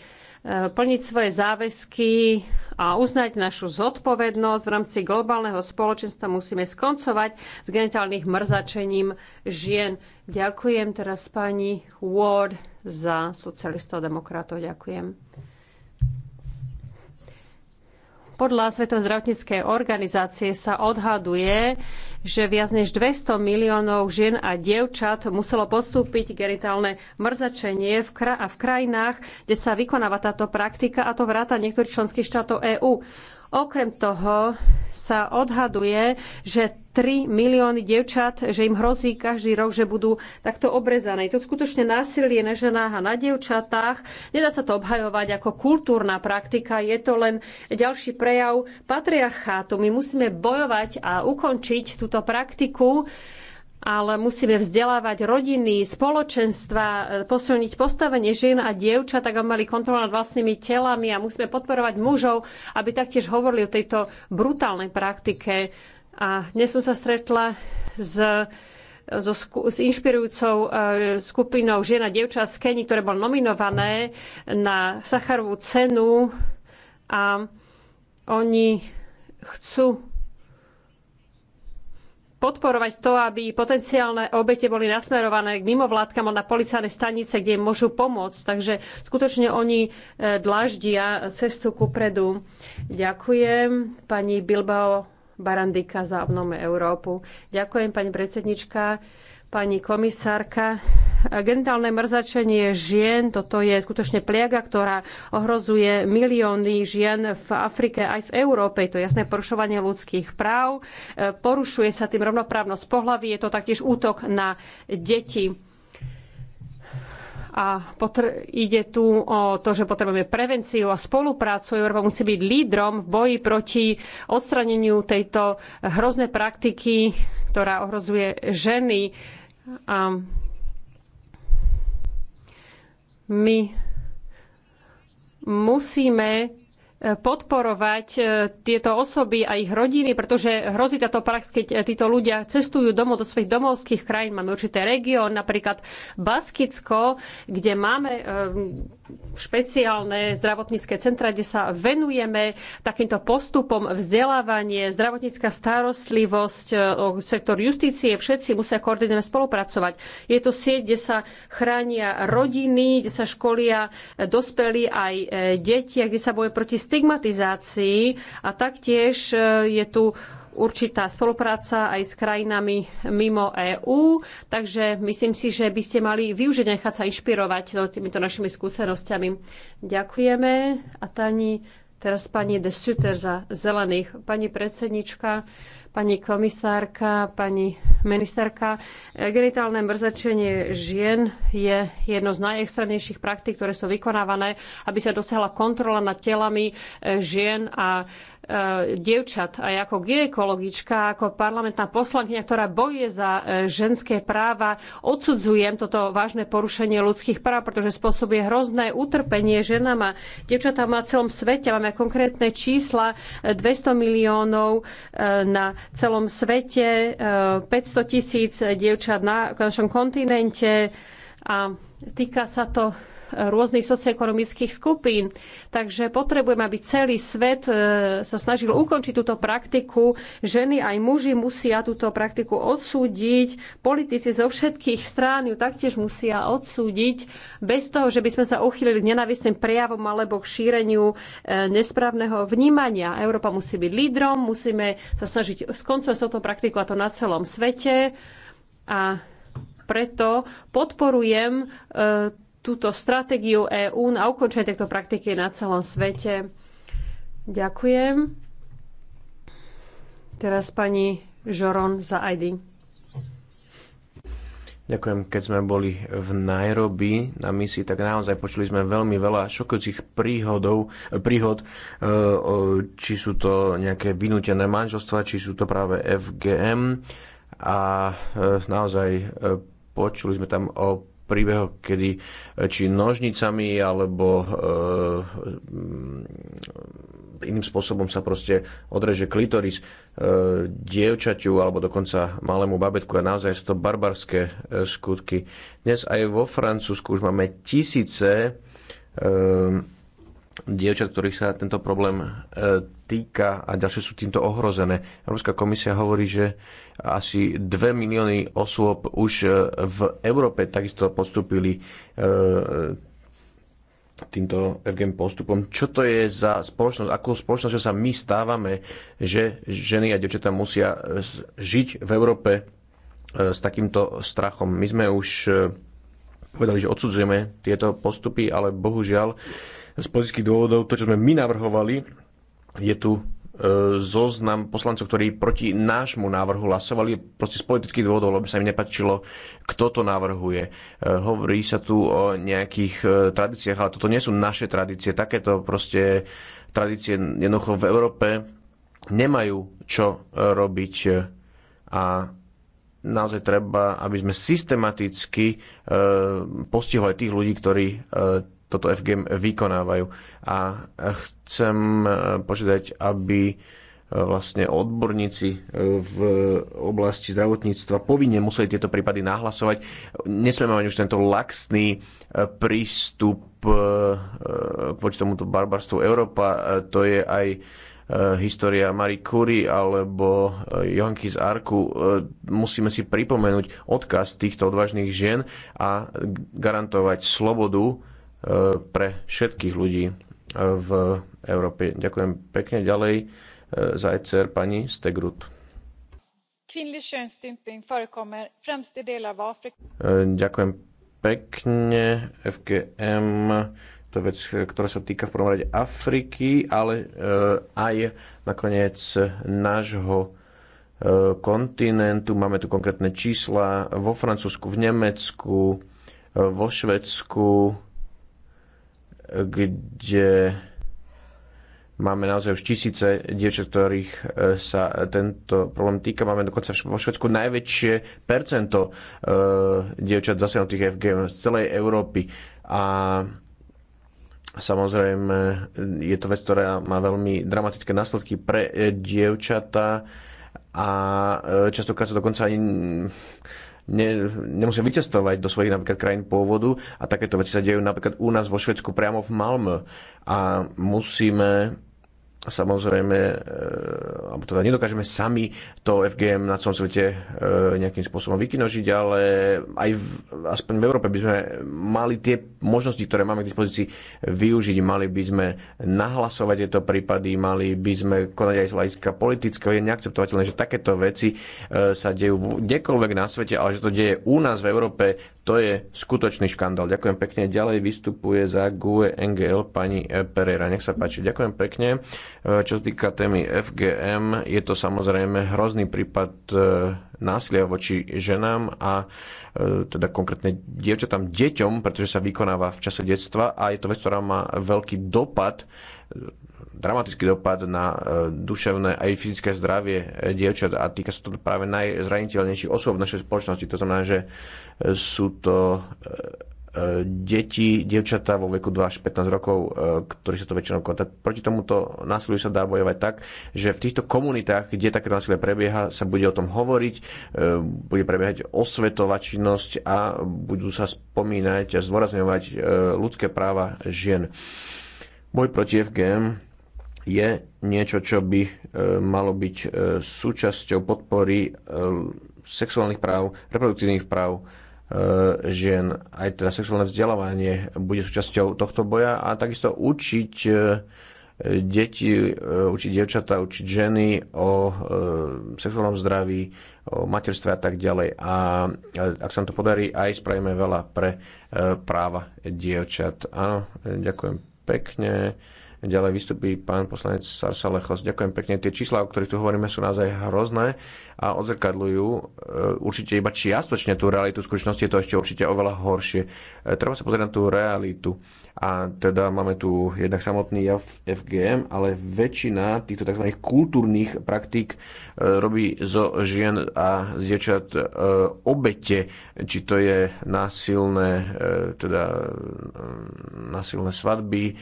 plniť svoje záväzky a uznať našu zodpovednosť v rámci globálneho spoločenstva. Musíme skoncovať s genitálnym mrzačením žien. Ďakujem teraz pani Ward za socialistov a demokratov. Ďakujem. Podľa Svetovej zdravotníckej organizácie sa odhaduje, že viac než 200 miliónov žien a dievčat muselo podstúpiť genitálne mrzačenie v kra- a v krajinách, kde sa vykonáva táto praktika, a to vráta niektorých členských štátov EÚ. Okrem toho sa odhaduje, že 3 milióny devčat, že im hrozí každý rok, že budú takto obrezané. To skutočne násilie na ženách a na devčatách. Nedá sa to obhajovať ako kultúrna praktika, je to len ďalší prejav patriarchátu. My musíme bojovať a ukončiť túto praktiku ale musíme vzdelávať rodiny, spoločenstva, e, posilniť postavenie žien a dievčat, tak aby mali kontrolu nad vlastnými telami a musíme podporovať mužov, aby taktiež hovorili o tejto brutálnej praktike. A dnes som sa stretla s, so, s inšpirujúcou e, skupinou žien a dievčat z Keni, ktoré boli nominované na Sacharovú cenu a oni chcú podporovať to, aby potenciálne obete boli nasmerované k mimovládkam na policajné stanice, kde im môžu pomôcť. Takže skutočne oni e, dláždia cestu kupredu. Ďakujem pani Bilbao Barandika za obnome Európu. Ďakujem pani predsednička pani komisárka. Genitálne mrzačenie žien, toto je skutočne pliaga, ktorá ohrozuje milióny žien v Afrike aj v Európe. Je to jasné porušovanie ľudských práv. E, porušuje sa tým rovnoprávnosť pohlaví. Je to taktiež útok na deti a ide tu o to, že potrebujeme prevenciu a spoluprácu. Európa musí byť lídrom v boji proti odstraneniu tejto hroznej praktiky, ktorá ohrozuje ženy. A my musíme podporovať e, tieto osoby a ich rodiny, pretože hrozí táto prax, keď e, títo ľudia cestujú domov do svojich domovských krajín. Máme určité región, napríklad Baskicko, kde máme špeciálne zdravotnícke centra, kde sa venujeme takýmto postupom vzdelávanie, zdravotnícka starostlivosť, e, sektor justície, všetci musia koordinovať spolupracovať. Je to sieť, kde sa chránia rodiny, kde sa školia dospelí aj e, deti, kde sa boje proti stigmatizácii a taktiež e, je tu určitá spolupráca aj s krajinami mimo EÚ, takže myslím si, že by ste mali využiť, nechať sa inšpirovať týmito našimi skúsenostiami. Ďakujeme a tani Teraz pani de Suter za zelených. Pani predsednička, pani komisárka, pani ministerka. Genitálne mrzačenie žien je jedno z najextrémnejších praktík, ktoré sú vykonávané, aby sa dosiahla kontrola nad telami eh, žien a Eh, dievčat. A ako ginekologička, ako parlamentná poslankyňa, ktorá bojuje za eh, ženské práva, odsudzujem toto vážne porušenie ľudských práv, pretože spôsobuje hrozné utrpenie ženám a dievčatám na celom svete. Máme konkrétne čísla 200 eh, miliónov na celom svete, 500 tisíc dievčat na našom kontinente a týka sa to rôznych socioekonomických skupín. Takže potrebujeme, aby celý svet e, sa snažil ukončiť túto praktiku. Ženy aj muži musia túto praktiku odsúdiť. Politici zo všetkých strán ju taktiež musia odsúdiť bez toho, že by sme sa uchýlili k nenavistným prejavom alebo k šíreniu e, nesprávneho vnímania. Európa musí byť lídrom, musíme sa snažiť skoncovať s touto praktikou a to na celom svete. A preto podporujem e, túto stratégiu EÚ na ukončenie tejto praktiky na celom svete. Ďakujem. Teraz pani Žoron za ID. Ďakujem, keď sme boli v Nairobi na misii, tak naozaj počuli sme veľmi veľa šokujúcich príhodov, eh, príhod, eh, či sú to nejaké vynútené manželstva, či sú to práve FGM a eh, naozaj počuli sme tam o príbehoch, kedy e, či nožnicami alebo e, iným spôsobom sa proste odreže klitoris e, dievčaťu alebo dokonca malému babetku a naozaj sú to barbarské e, skutky. Dnes aj vo Francúzsku už máme tisíce e, dievčat, ktorých sa tento problém e, týka a ďalšie sú týmto ohrozené. Európska komisia hovorí, že asi 2 milióny osôb už e, v Európe takisto postupili e, týmto FGM postupom. Čo to je za spoločnosť, akú spoločnosť sa my stávame, že ženy a dievčatá musia žiť v Európe s takýmto strachom. My sme už povedali, že odsudzujeme tieto postupy, ale bohužiaľ uh, z politických dôvodov to, čo sme my navrhovali, je tu e, zoznam poslancov, ktorí proti nášmu návrhu hlasovali proste z politických dôvodov, lebo sa im nepačilo, kto to navrhuje. E, hovorí sa tu o nejakých e, tradíciách, ale toto nie sú naše tradície. Takéto proste tradície jednoducho v Európe nemajú čo robiť a naozaj treba, aby sme systematicky postihovali tých ľudí, ktorí toto FGM vykonávajú. A chcem e, požiadať, aby e, vlastne odborníci e, v oblasti zdravotníctva povinne museli tieto prípady nahlasovať. Nesmieme mať už tento laxný prístup voči tomuto barbarstvu Európa. To je aj história Marie Curie alebo Johanky z Arku. Musíme si pripomenúť odkaz týchto odvážnych žien a garantovať slobodu E, pre všetkých ľudí e, v Európe. Ďakujem pekne. Ďalej e, za ECR pani Stegrut. Ďakujem pekne. FGM to je vec, ktorá sa týka v prvom rade Afriky, ale aj nakoniec nášho kontinentu. Máme tu konkrétne čísla vo Francúzsku, v Nemecku, vo Švedsku, kde máme naozaj už tisíce dievčat, ktorých e, sa tento problém týka. Máme dokonca vo Švedsku najväčšie percento e, dievčat zasiahnutých FGM z celej Európy. A samozrejme je to vec, ktorá má veľmi dramatické následky pre e, dievčata a častokrát sa dokonca ani ne, nemusia vycestovať do svojich napríklad krajín pôvodu a takéto veci sa dejú napríklad u nás vo Švedsku priamo v Malmö a musíme samozrejme, e, alebo teda nedokážeme sami to FGM na celom svete e, nejakým spôsobom vykinožiť, ale aj v, aspoň v Európe by sme mali tie možnosti, ktoré máme k dispozícii, využiť. Mali by sme nahlasovať tieto prípady, mali by sme konať aj z hľadiska politického. Je neakceptovateľné, že takéto veci e, sa dejú kdekoľvek na svete, ale že to deje u nás v Európe, to je skutočný škandál. Ďakujem pekne. Ďalej vystupuje za GUE NGL pani e, Pereira. Nech sa páči. Ďakujem pekne. E, čo sa týka témy FGM, je to samozrejme hrozný prípad e, násilia voči ženám a teda konkrétne dievčatám, deťom, pretože sa vykonáva v čase detstva a je to vec, ktorá má veľký dopad dramatický dopad na e, duševné aj fyzické zdravie e, dievčat a týka sa to práve najzraniteľnejších osôb v našej spoločnosti. To znamená, že e, sú to deti, dievčatá vo veku 2 až 15 rokov, ktorí sa to väčšinou kontá. Proti tomuto násiliu sa dá bojovať tak, že v týchto komunitách, kde takéto násilie prebieha, sa bude o tom hovoriť, bude prebiehať osvetová činnosť a budú sa spomínať a zdôrazňovať ľudské práva žien. Boj proti FGM je niečo, čo by e, malo byť e, súčasťou podpory e, sexuálnych práv, reproduktívnych práv žien. Aj teda sexuálne vzdelávanie bude súčasťou tohto boja a takisto učiť deti, učiť dievčatá, učiť ženy o sexuálnom zdraví, o materstve a tak ďalej. A ak sa nám to podarí, aj spravíme veľa pre práva dievčat. Áno, ďakujem pekne. Ďalej vystupí pán poslanec Sarsa Lechos. Ďakujem pekne. Tie čísla, o ktorých tu hovoríme, sú naozaj hrozné a odzrkadľujú e, určite iba čiastočne tú realitu. V skutočnosti je to ešte určite oveľa horšie. E, treba sa pozrieť na tú realitu. A teda máme tu jednak samotný jav FGM, ale väčšina týchto tzv. kultúrnych praktík e, robí zo žien a z dievčat e, obete, či to je násilné, e, teda mm, násilné svadby,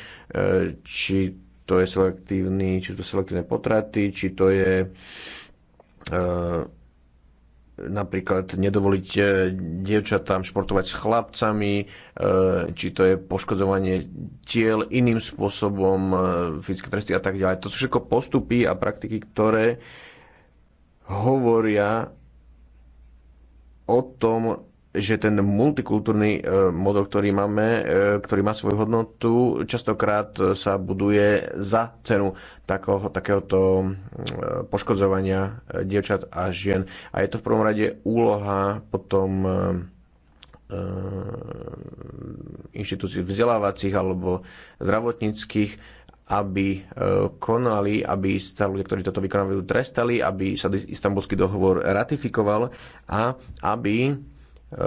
či to je selektívny, či to selektívne potraty, či to je napríklad nedovoliť e, dievčatám športovať s chlapcami, e, či to je poškodzovanie tiel iným spôsobom, e, fyzické tresty a tak ďalej. To sú všetko postupy a praktiky, ktoré hovoria o tom, že ten multikultúrny e, model, ktorý máme, e, ktorý má svoju hodnotu, častokrát sa buduje za cenu takého, takéhoto e, poškodzovania dievčat a žien. A je to v prvom rade úloha potom inštitúcií vzdelávacích alebo zdravotníckých, aby konali, aby sa ľudia, ktorí toto vykonávajú, trestali, aby sa istambulský dohovor ratifikoval a aby E,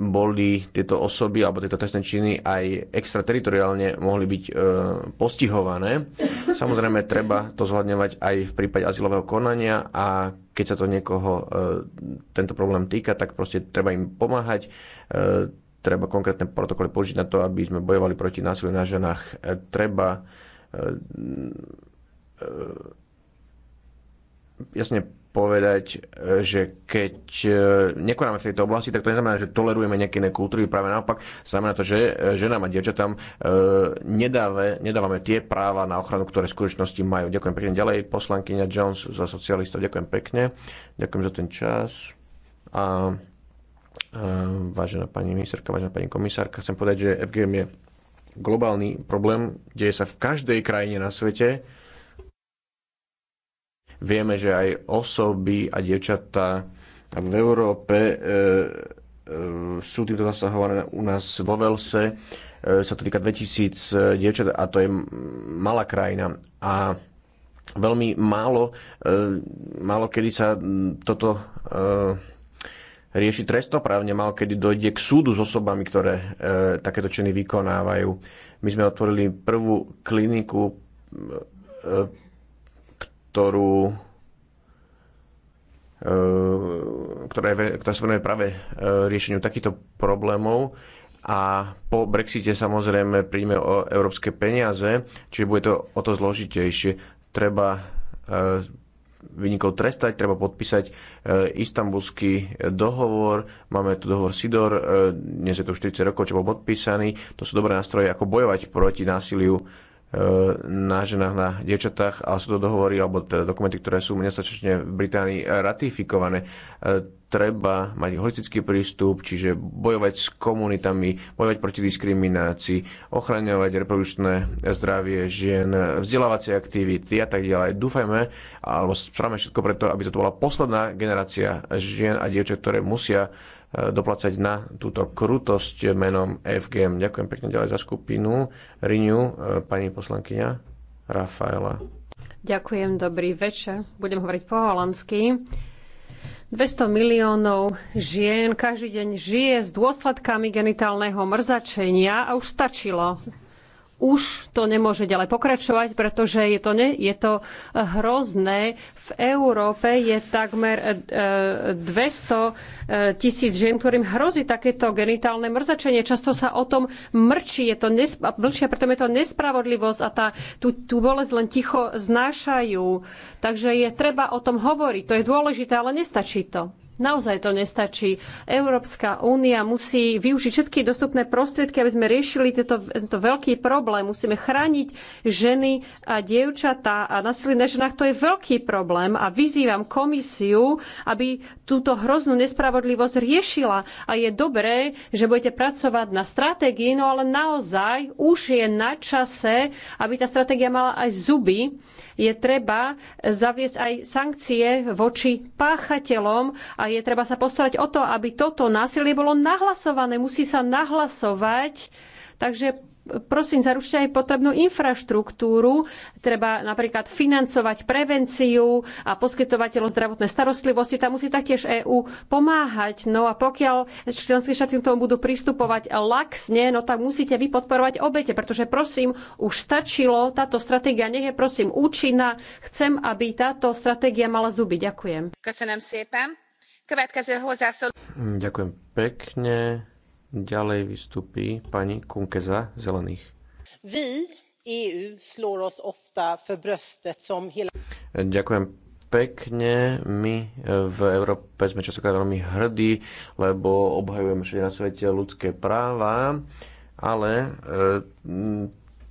boli tieto osoby alebo tieto trestné činy aj extrateritoriálne mohli byť e, postihované. Samozrejme, treba to zhľadňovať aj v prípade azylového konania a keď sa to niekoho e, tento problém týka, tak proste treba im pomáhať. E, treba konkrétne protokoly použiť na to, aby sme bojovali proti násiliu na ženách. E, treba e, e, jasne povedať, e, že keď e, nekonáme v tejto oblasti, tak to neznamená, že tolerujeme nejaké iné kultúry, práve naopak znamená to, že e, ženám a dievčatám nedáve, nedávame tie práva na ochranu, ktoré v skutočnosti majú. Ďakujem pekne. Ďalej poslankyňa Jones za socialistov. Ďakujem pekne. Ďakujem za ten čas. A, vážená pani ministerka, vážená pani komisárka, chcem povedať, že FGM je globálny problém, deje sa v každej krajine na svete Vieme, že aj osoby a dievčatá v Európe e, e, sú týmto zasahované u nás vo Velse. E, sa to týka 2000 e, dievčat a to je malá krajina. A veľmi málo, e, málo kedy sa toto e, rieši trestnoprávne, málo kedy dojde k súdu s osobami, ktoré e, takéto činy vykonávajú. My sme otvorili prvú kliniku e, ktorú e, ktorá, ktorá sa venuje práve e, riešeniu takýchto problémov a po Brexite samozrejme príjme o európske peniaze, čiže bude to o to zložitejšie. Treba e, vynikov trestať, treba podpísať istambulský dohovor, máme tu dohovor SIDOR, dnes je to 40 rokov, čo bol podpísaný, to sú dobré nástroje, ako bojovať proti násiliu E, na ženách, na dievčatách ale sú to dohovory alebo teda dokumenty, ktoré sú nestačne v Británii ratifikované. E, treba mať holistický prístup, čiže bojovať s komunitami, bojovať proti diskriminácii, ochraňovať reprodukčné zdravie žien, vzdelávacie aktivity a tak ďalej. Dúfajme, alebo spravme všetko preto, aby to bola posledná generácia žien a dievčat, ktoré musia E, doplacať na túto krutosť menom FGM. Ďakujem pekne ďalej za skupinu. Riňu, e, pani poslankyňa Rafaela. Ďakujem, dobrý večer. Budem hovoriť po holandsky. 200 miliónov žien každý deň žije s dôsledkami genitálneho mrzačenia a už stačilo už to nemôže ďalej pokračovať, pretože je to, ne, je to eh, hrozné. V Európe je takmer 200 eh, eh, tisíc žien, ktorým hrozí takéto genitálne mrzačenie. Často sa o tom mrčí, je to nesp- preto je to nespravodlivosť a tá, tú, tú bolesť len ticho znášajú. Takže je treba o tom hovoriť, to je dôležité, ale nestačí to. Naozaj to nestačí. Európska únia musí využiť všetky dostupné prostriedky, aby sme riešili tento, tento veľký problém. Musíme chrániť ženy a dievčatá a násilie na ženách. To je veľký problém a vyzývam komisiu, aby túto hroznú nespravodlivosť riešila. A je dobré, že budete pracovať na stratégii, no ale naozaj už je na čase, aby tá stratégia mala aj zuby. Je treba zaviesť aj sankcie voči páchateľom a je treba sa postarať o to, aby toto násilie bolo nahlasované. Musí sa nahlasovať. Takže prosím, zaručte aj potrebnú infraštruktúru. Treba napríklad financovať prevenciu a poskytovateľov zdravotnej starostlivosti. Tam musí taktiež EÚ pomáhať. No a pokiaľ členské štáty k tomu budú pristupovať laxne, no tak musíte vy podporovať obete, pretože prosím, už stačilo. Táto stratégia nech je prosím účinná. Chcem, aby táto stratégia mala zuby. Ďakujem. Ďakujem pekne. Ďalej vystupí pani Kunkeza Zelených. Vy, EU, slår oss ofta för bröstet som hela... Ďakujem pekne. My v Európe sme častokrát veľmi hrdí, lebo obhajujeme všade na svete ľudské práva, ale e,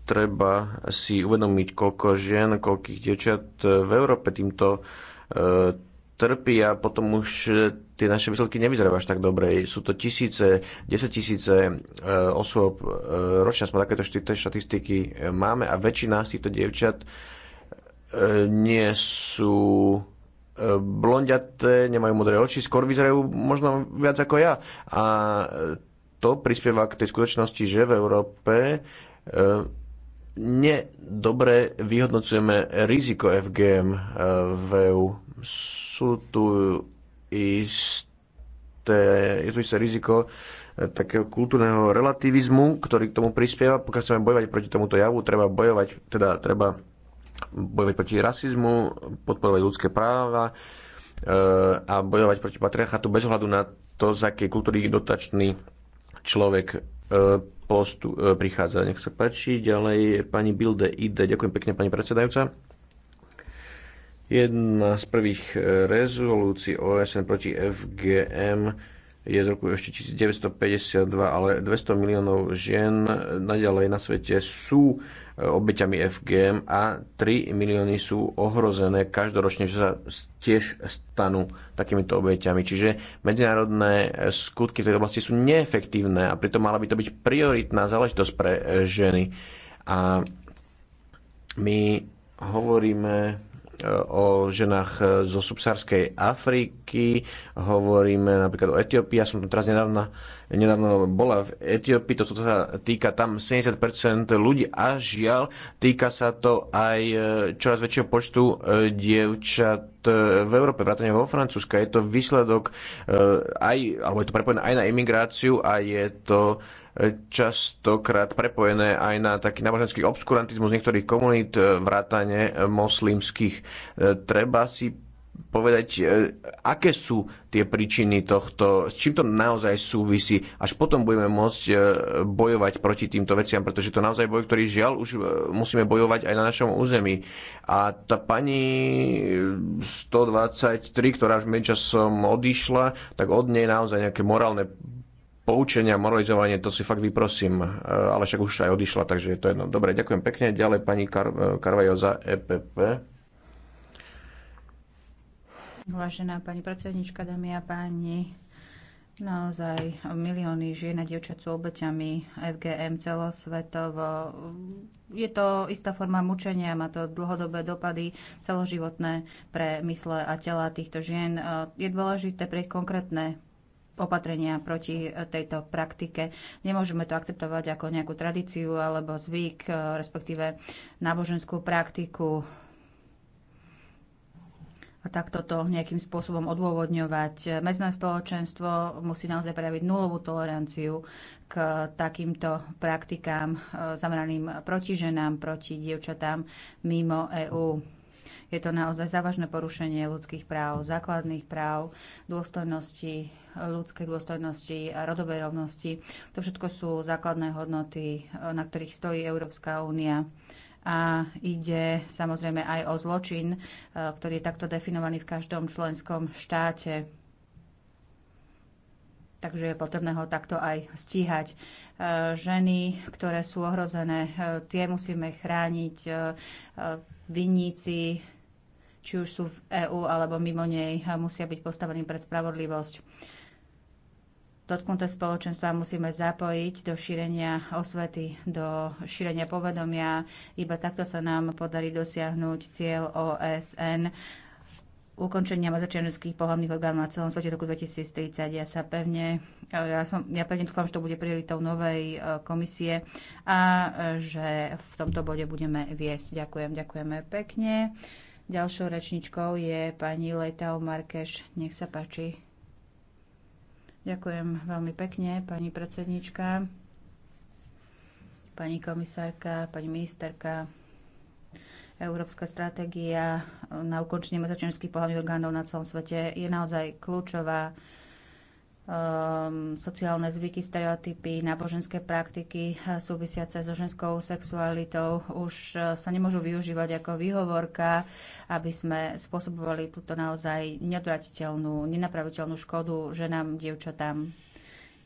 treba si uvedomiť, koľko žien, koľkých dievčat v Európe týmto e, trpí a potom už e, tie naše výsledky nevyzerajú až tak dobre. Sú to tisíce, desať tisíce e, osôb e, ročne, sme takéto štatistiky máme a väčšina z týchto dievčat nie sú blondiaté, nemajú modré oči, skôr vyzerajú možno viac ako ja. A to prispieva k tej skutočnosti, že v Európe nedobre vyhodnocujeme riziko FGM eh, v EU. Sú tu isté, je tu isté riziko eh, takého kultúrneho relativizmu, ktorý k tomu prispieva. Pokiaľ chceme bojovať proti tomuto javu, treba bojovať, teda treba bojovať proti rasizmu, podporovať ľudské práva eh, a bojovať proti patriarchatu bez ohľadu na to, z akej kultúry dotačný človek E, postu, e, prichádza. Nech sa páči. Ďalej pani Bilde ide. Ďakujem pekne, pani predsedajúca. Jedna z prvých e, rezolúcií OSN proti FGM je z roku ešte 1952, ale 200 miliónov žien naďalej na svete sú obeťami FGM a 3 milióny sú ohrozené každoročne, že sa tiež stanú takýmito obeťami. Čiže medzinárodné skutky v tej oblasti sú neefektívne a pritom mala by to byť prioritná záležitosť pre ženy. A my hovoríme o ženách e, zo subsárskej Afriky, hovoríme napríklad o Etiópii, ja som tu teraz nedávno, nedávno bola v Etiópii, toto sa týka tam 70% ľudí a žiaľ, týka sa to aj e, čoraz väčšieho počtu e, dievčat v Európe, vrátane vo Francúzska. Je to výsledok aj, alebo je to prepojené aj na imigráciu a je to častokrát prepojené aj na taký náboženský obskurantizmus niektorých komunít, e, vrátane e, moslimských. E, treba si povedať, aké sú tie príčiny tohto, s čím to naozaj súvisí. Až potom budeme môcť bojovať proti týmto veciam, pretože to naozaj boj, ktorý žiaľ už musíme bojovať aj na našom území. A tá pani 123, ktorá už medčasom odišla, tak od nej naozaj nejaké morálne poučenia, moralizovanie, to si fakt vyprosím, e, ale však už aj odišla, takže je to jedno. Dobre, ďakujem pekne. Ďalej pani Kar- Karvajo e, za EPP. Vážená pani pracovníčka, dámy a páni, naozaj milióny žien a dievčat sú obeťami FGM celosvetovo. Je to istá forma mučenia, má to dlhodobé dopady celoživotné pre mysle a tela týchto žien. E, je dôležité pre konkrétne opatrenia proti eh, tejto praktike. Nemôžeme to akceptovať ako nejakú tradíciu alebo zvyk, eh, respektíve náboženskú praktiku a takto to nejakým spôsobom odôvodňovať. Eh, medzné spoločenstvo musí naozaj prejaviť nulovú toleranciu k takýmto praktikám zameraným proti ženám, proti dievčatám mimo EÚ. Je to naozaj závažné porušenie ľudských práv, základných práv, dôstojnosti ľudskej dôstojnosti a rodovej rovnosti. To všetko sú základné hodnoty, na ktorých stojí Európska únia a ide samozrejme aj o zločin, e, ktorý je takto definovaný v každom členskom štáte. Takže je potrebné ho takto aj stíhať. E, ženy, ktoré sú ohrozené, e, tie musíme chrániť. Vinníci, či už sú v EÚ alebo mimo nej, musia byť postavení pred spravodlivosť dotknuté spoločenstva musíme zapojiť do šírenia osvety, do šírenia povedomia. Iba takto sa nám podarí dosiahnuť cieľ OSN ukončenia mazačianských pohľadných orgánov na celom svete roku 2030. Ja sa pevne, ja, som, ja pevne dúfam, že to bude prioritou novej e, komisie a e, že v tomto bode budeme viesť. Ďakujem, ďakujeme pekne. Ďalšou rečničkou je pani Letao Markeš. Nech sa páči. Ďakujem veľmi pekne, pani predsednička, pani komisárka, pani ministerka. Európska stratégia na ukončenie mezačenských pohľadných orgánov na celom svete je naozaj kľúčová um, sociálne zvyky, stereotypy, náboženské praktiky eh, súvisiace so ženskou sexualitou už eh, sa nemôžu využívať ako výhovorka, aby sme spôsobovali túto naozaj neodvratiteľnú, nenapraviteľnú škodu ženám, dievčatám,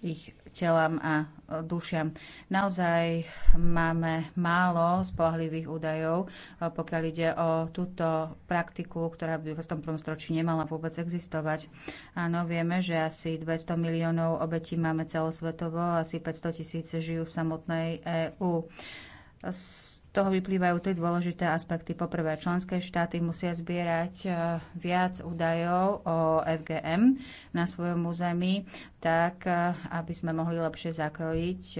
ich telám a e, dušiam. Naozaj máme málo spolahlivých údajov, e, pokiaľ ide o túto praktiku, ktorá by v tom prvom stročí nemala vôbec existovať. Áno, vieme, že asi 200 miliónov obetí máme celosvetovo, asi 500 tisíc žijú v samotnej EÚ toho vyplývajú tri dôležité aspekty. Poprvé, členské štáty musia zbierať e, viac údajov o FGM na svojom území, tak e, aby sme mohli lepšie zakrojiť e,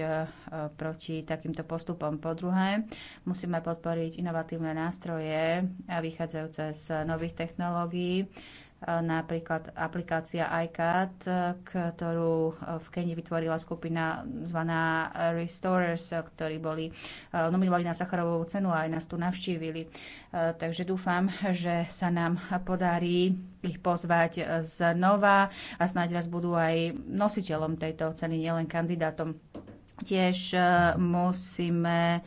proti takýmto postupom. Po druhé, musíme podporiť inovatívne nástroje vychádzajúce z nových technológií, napríklad aplikácia iCAD, ktorú v Keni vytvorila skupina zvaná Restorers, ktorí boli nominovaní na Sacharovú cenu a aj nás tu navštívili. E, takže dúfam, že sa nám podarí ich pozvať znova a snáď raz budú aj nositeľom tejto ceny, nielen kandidátom. Tiež e, musíme e,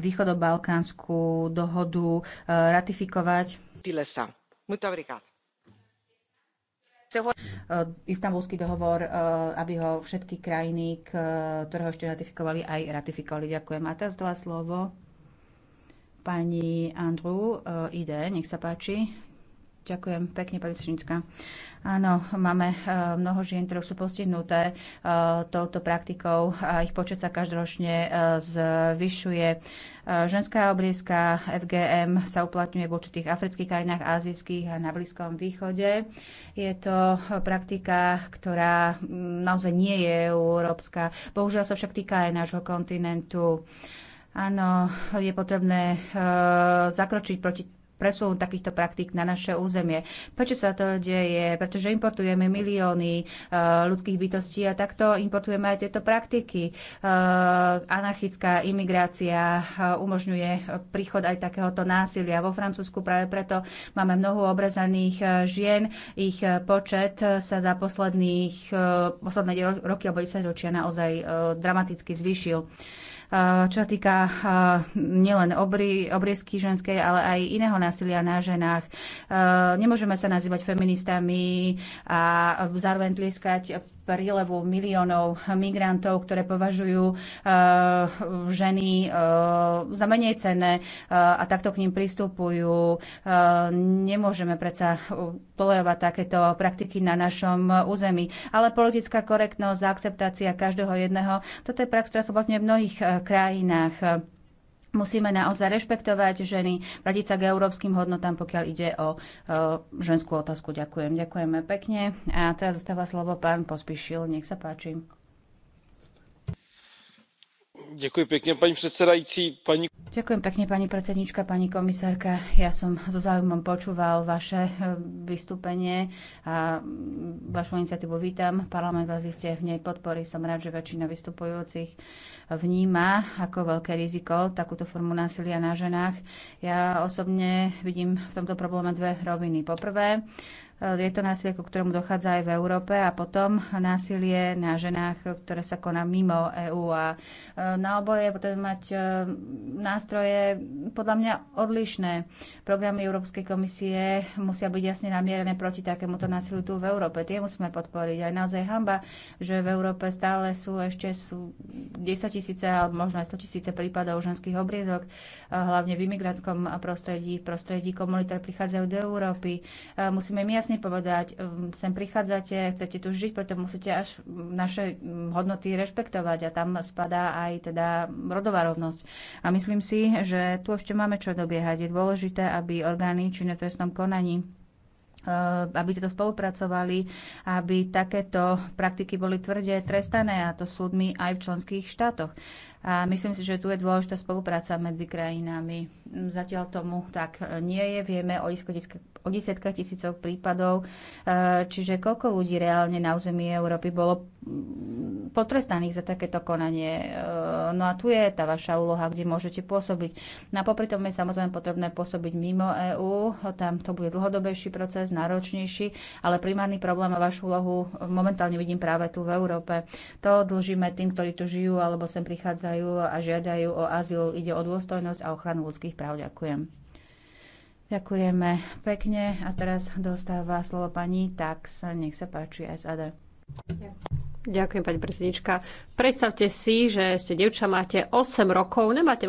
východobalkánsku dohodu ratifikovať Eh, Istanbulský dohovor, eh, aby ho všetky krajiny, ktoré ho ešte ratifikovali, aj ratifikovali. Ďakujem. A teraz dala slovo pani Andru eh, ide. Nech sa páči. Ďakujem pekne, pani Srinička. Áno, máme eh, mnoho žien, ktoré sú postihnuté eh, touto praktikou a ich počet sa každoročne eh, zvyšuje. Ženská obriezka FGM sa uplatňuje v určitých afrických krajinách, azijských a na Blízkom východe. Je to praktika, ktorá mm, naozaj nie je európska. Bohužiaľ sa však týka aj nášho kontinentu. Áno, je potrebné uh, zakročiť proti presunú takýchto praktík na naše územie. Prečo sa to deje? Pretože importujeme milióny e, ľudských bytostí a takto importujeme aj tieto praktiky. E, anarchická imigrácia e, umožňuje príchod aj takéhoto násilia. Vo Francúzsku práve preto máme mnoho obrezaných žien. Ich počet sa za posledných, posledné roky alebo 10 ročia naozaj dramaticky zvýšil. Eh, čo týka eh, nielen obry, obriezky ženskej, ale aj iného násilia na ženách. Eh, nemôžeme sa nazývať feministami a zároveň tlieskať prílevu miliónov migrantov, ktoré považujú eh, ženy eh, za menej cenné eh, a takto k ním pristupujú. Nemôžeme predsa tolerovať takéto praktiky na našom území. Ale politická korektnosť, akceptácia každého jedného, toto je prax, ktorá sa v mnohých krajinách Musíme naozaj rešpektovať ženy, vrátiť sa k európskym hodnotám, pokiaľ ide o, o ženskú otázku. Ďakujem. Ďakujeme pekne. A teraz zostáva slovo pán Pospišil. Nech sa páči. Ďakujem pekne, pani predsednička, pani komisárka. Ja som so záujmom počúval vaše eh, vystúpenie a vašu iniciatívu vítam. Parlament vás iste v nej podporí. Som rád, že väčšina vystupujúcich vníma ako veľké riziko takúto formu násilia na ženách. Ja osobne vidím v tomto probléme dve roviny. Poprvé, je to násilie, ku ktorému dochádza aj v Európe a potom násilie na ženách, ktoré sa koná mimo EÚ. A e, na oboje potom mať e, nástroje podľa mňa odlišné. Programy Európskej komisie musia byť jasne namierené proti takémuto násiliu tu v Európe. Tie musíme podporiť. Aj naozaj hamba, že v Európe stále sú ešte sú 10 tisíce alebo možno aj 100 tisíce prípadov ženských obriezok, hlavne v imigrantskom prostredí, v prostredí komunitár prichádzajú do Európy. Musíme my jasne jasne povedať, um, sem prichádzate, chcete tu žiť, preto musíte až naše um, hodnoty rešpektovať a tam spadá aj teda rodová rovnosť. A myslím si, že tu ešte máme čo dobiehať. Je dôležité, aby orgány či v trestnom konaní uh, aby tieto spolupracovali, aby takéto praktiky boli tvrde trestané, a to súdmi aj v členských štátoch. A myslím si, že tu je dôležitá spolupráca medzi krajinami. Zatiaľ tomu tak e, nie je. Vieme o, o desiatkách tisícov prípadov, e, čiže koľko ľudí reálne na území Európy bolo potrestaných za takéto konanie. E, no a tu je tá vaša úloha, kde môžete pôsobiť. Na no popri tom je samozrejme potrebné pôsobiť mimo EÚ, tam to bude dlhodobejší proces, náročnejší, ale primárny problém a vašu úlohu momentálne vidím práve tu v Európe. To dlžíme tým, ktorí tu žijú alebo sem prichádzajú utekajú a žiadajú o azyl. Ide o dôstojnosť a ochranu ľudských práv. Ďakujem. Ďakujeme pekne. A teraz dostáva slovo pani Tax. Nech sa páči SAD. Ďakujem, pani predsednička. Predstavte si, že ste devča, máte 8 rokov, nemáte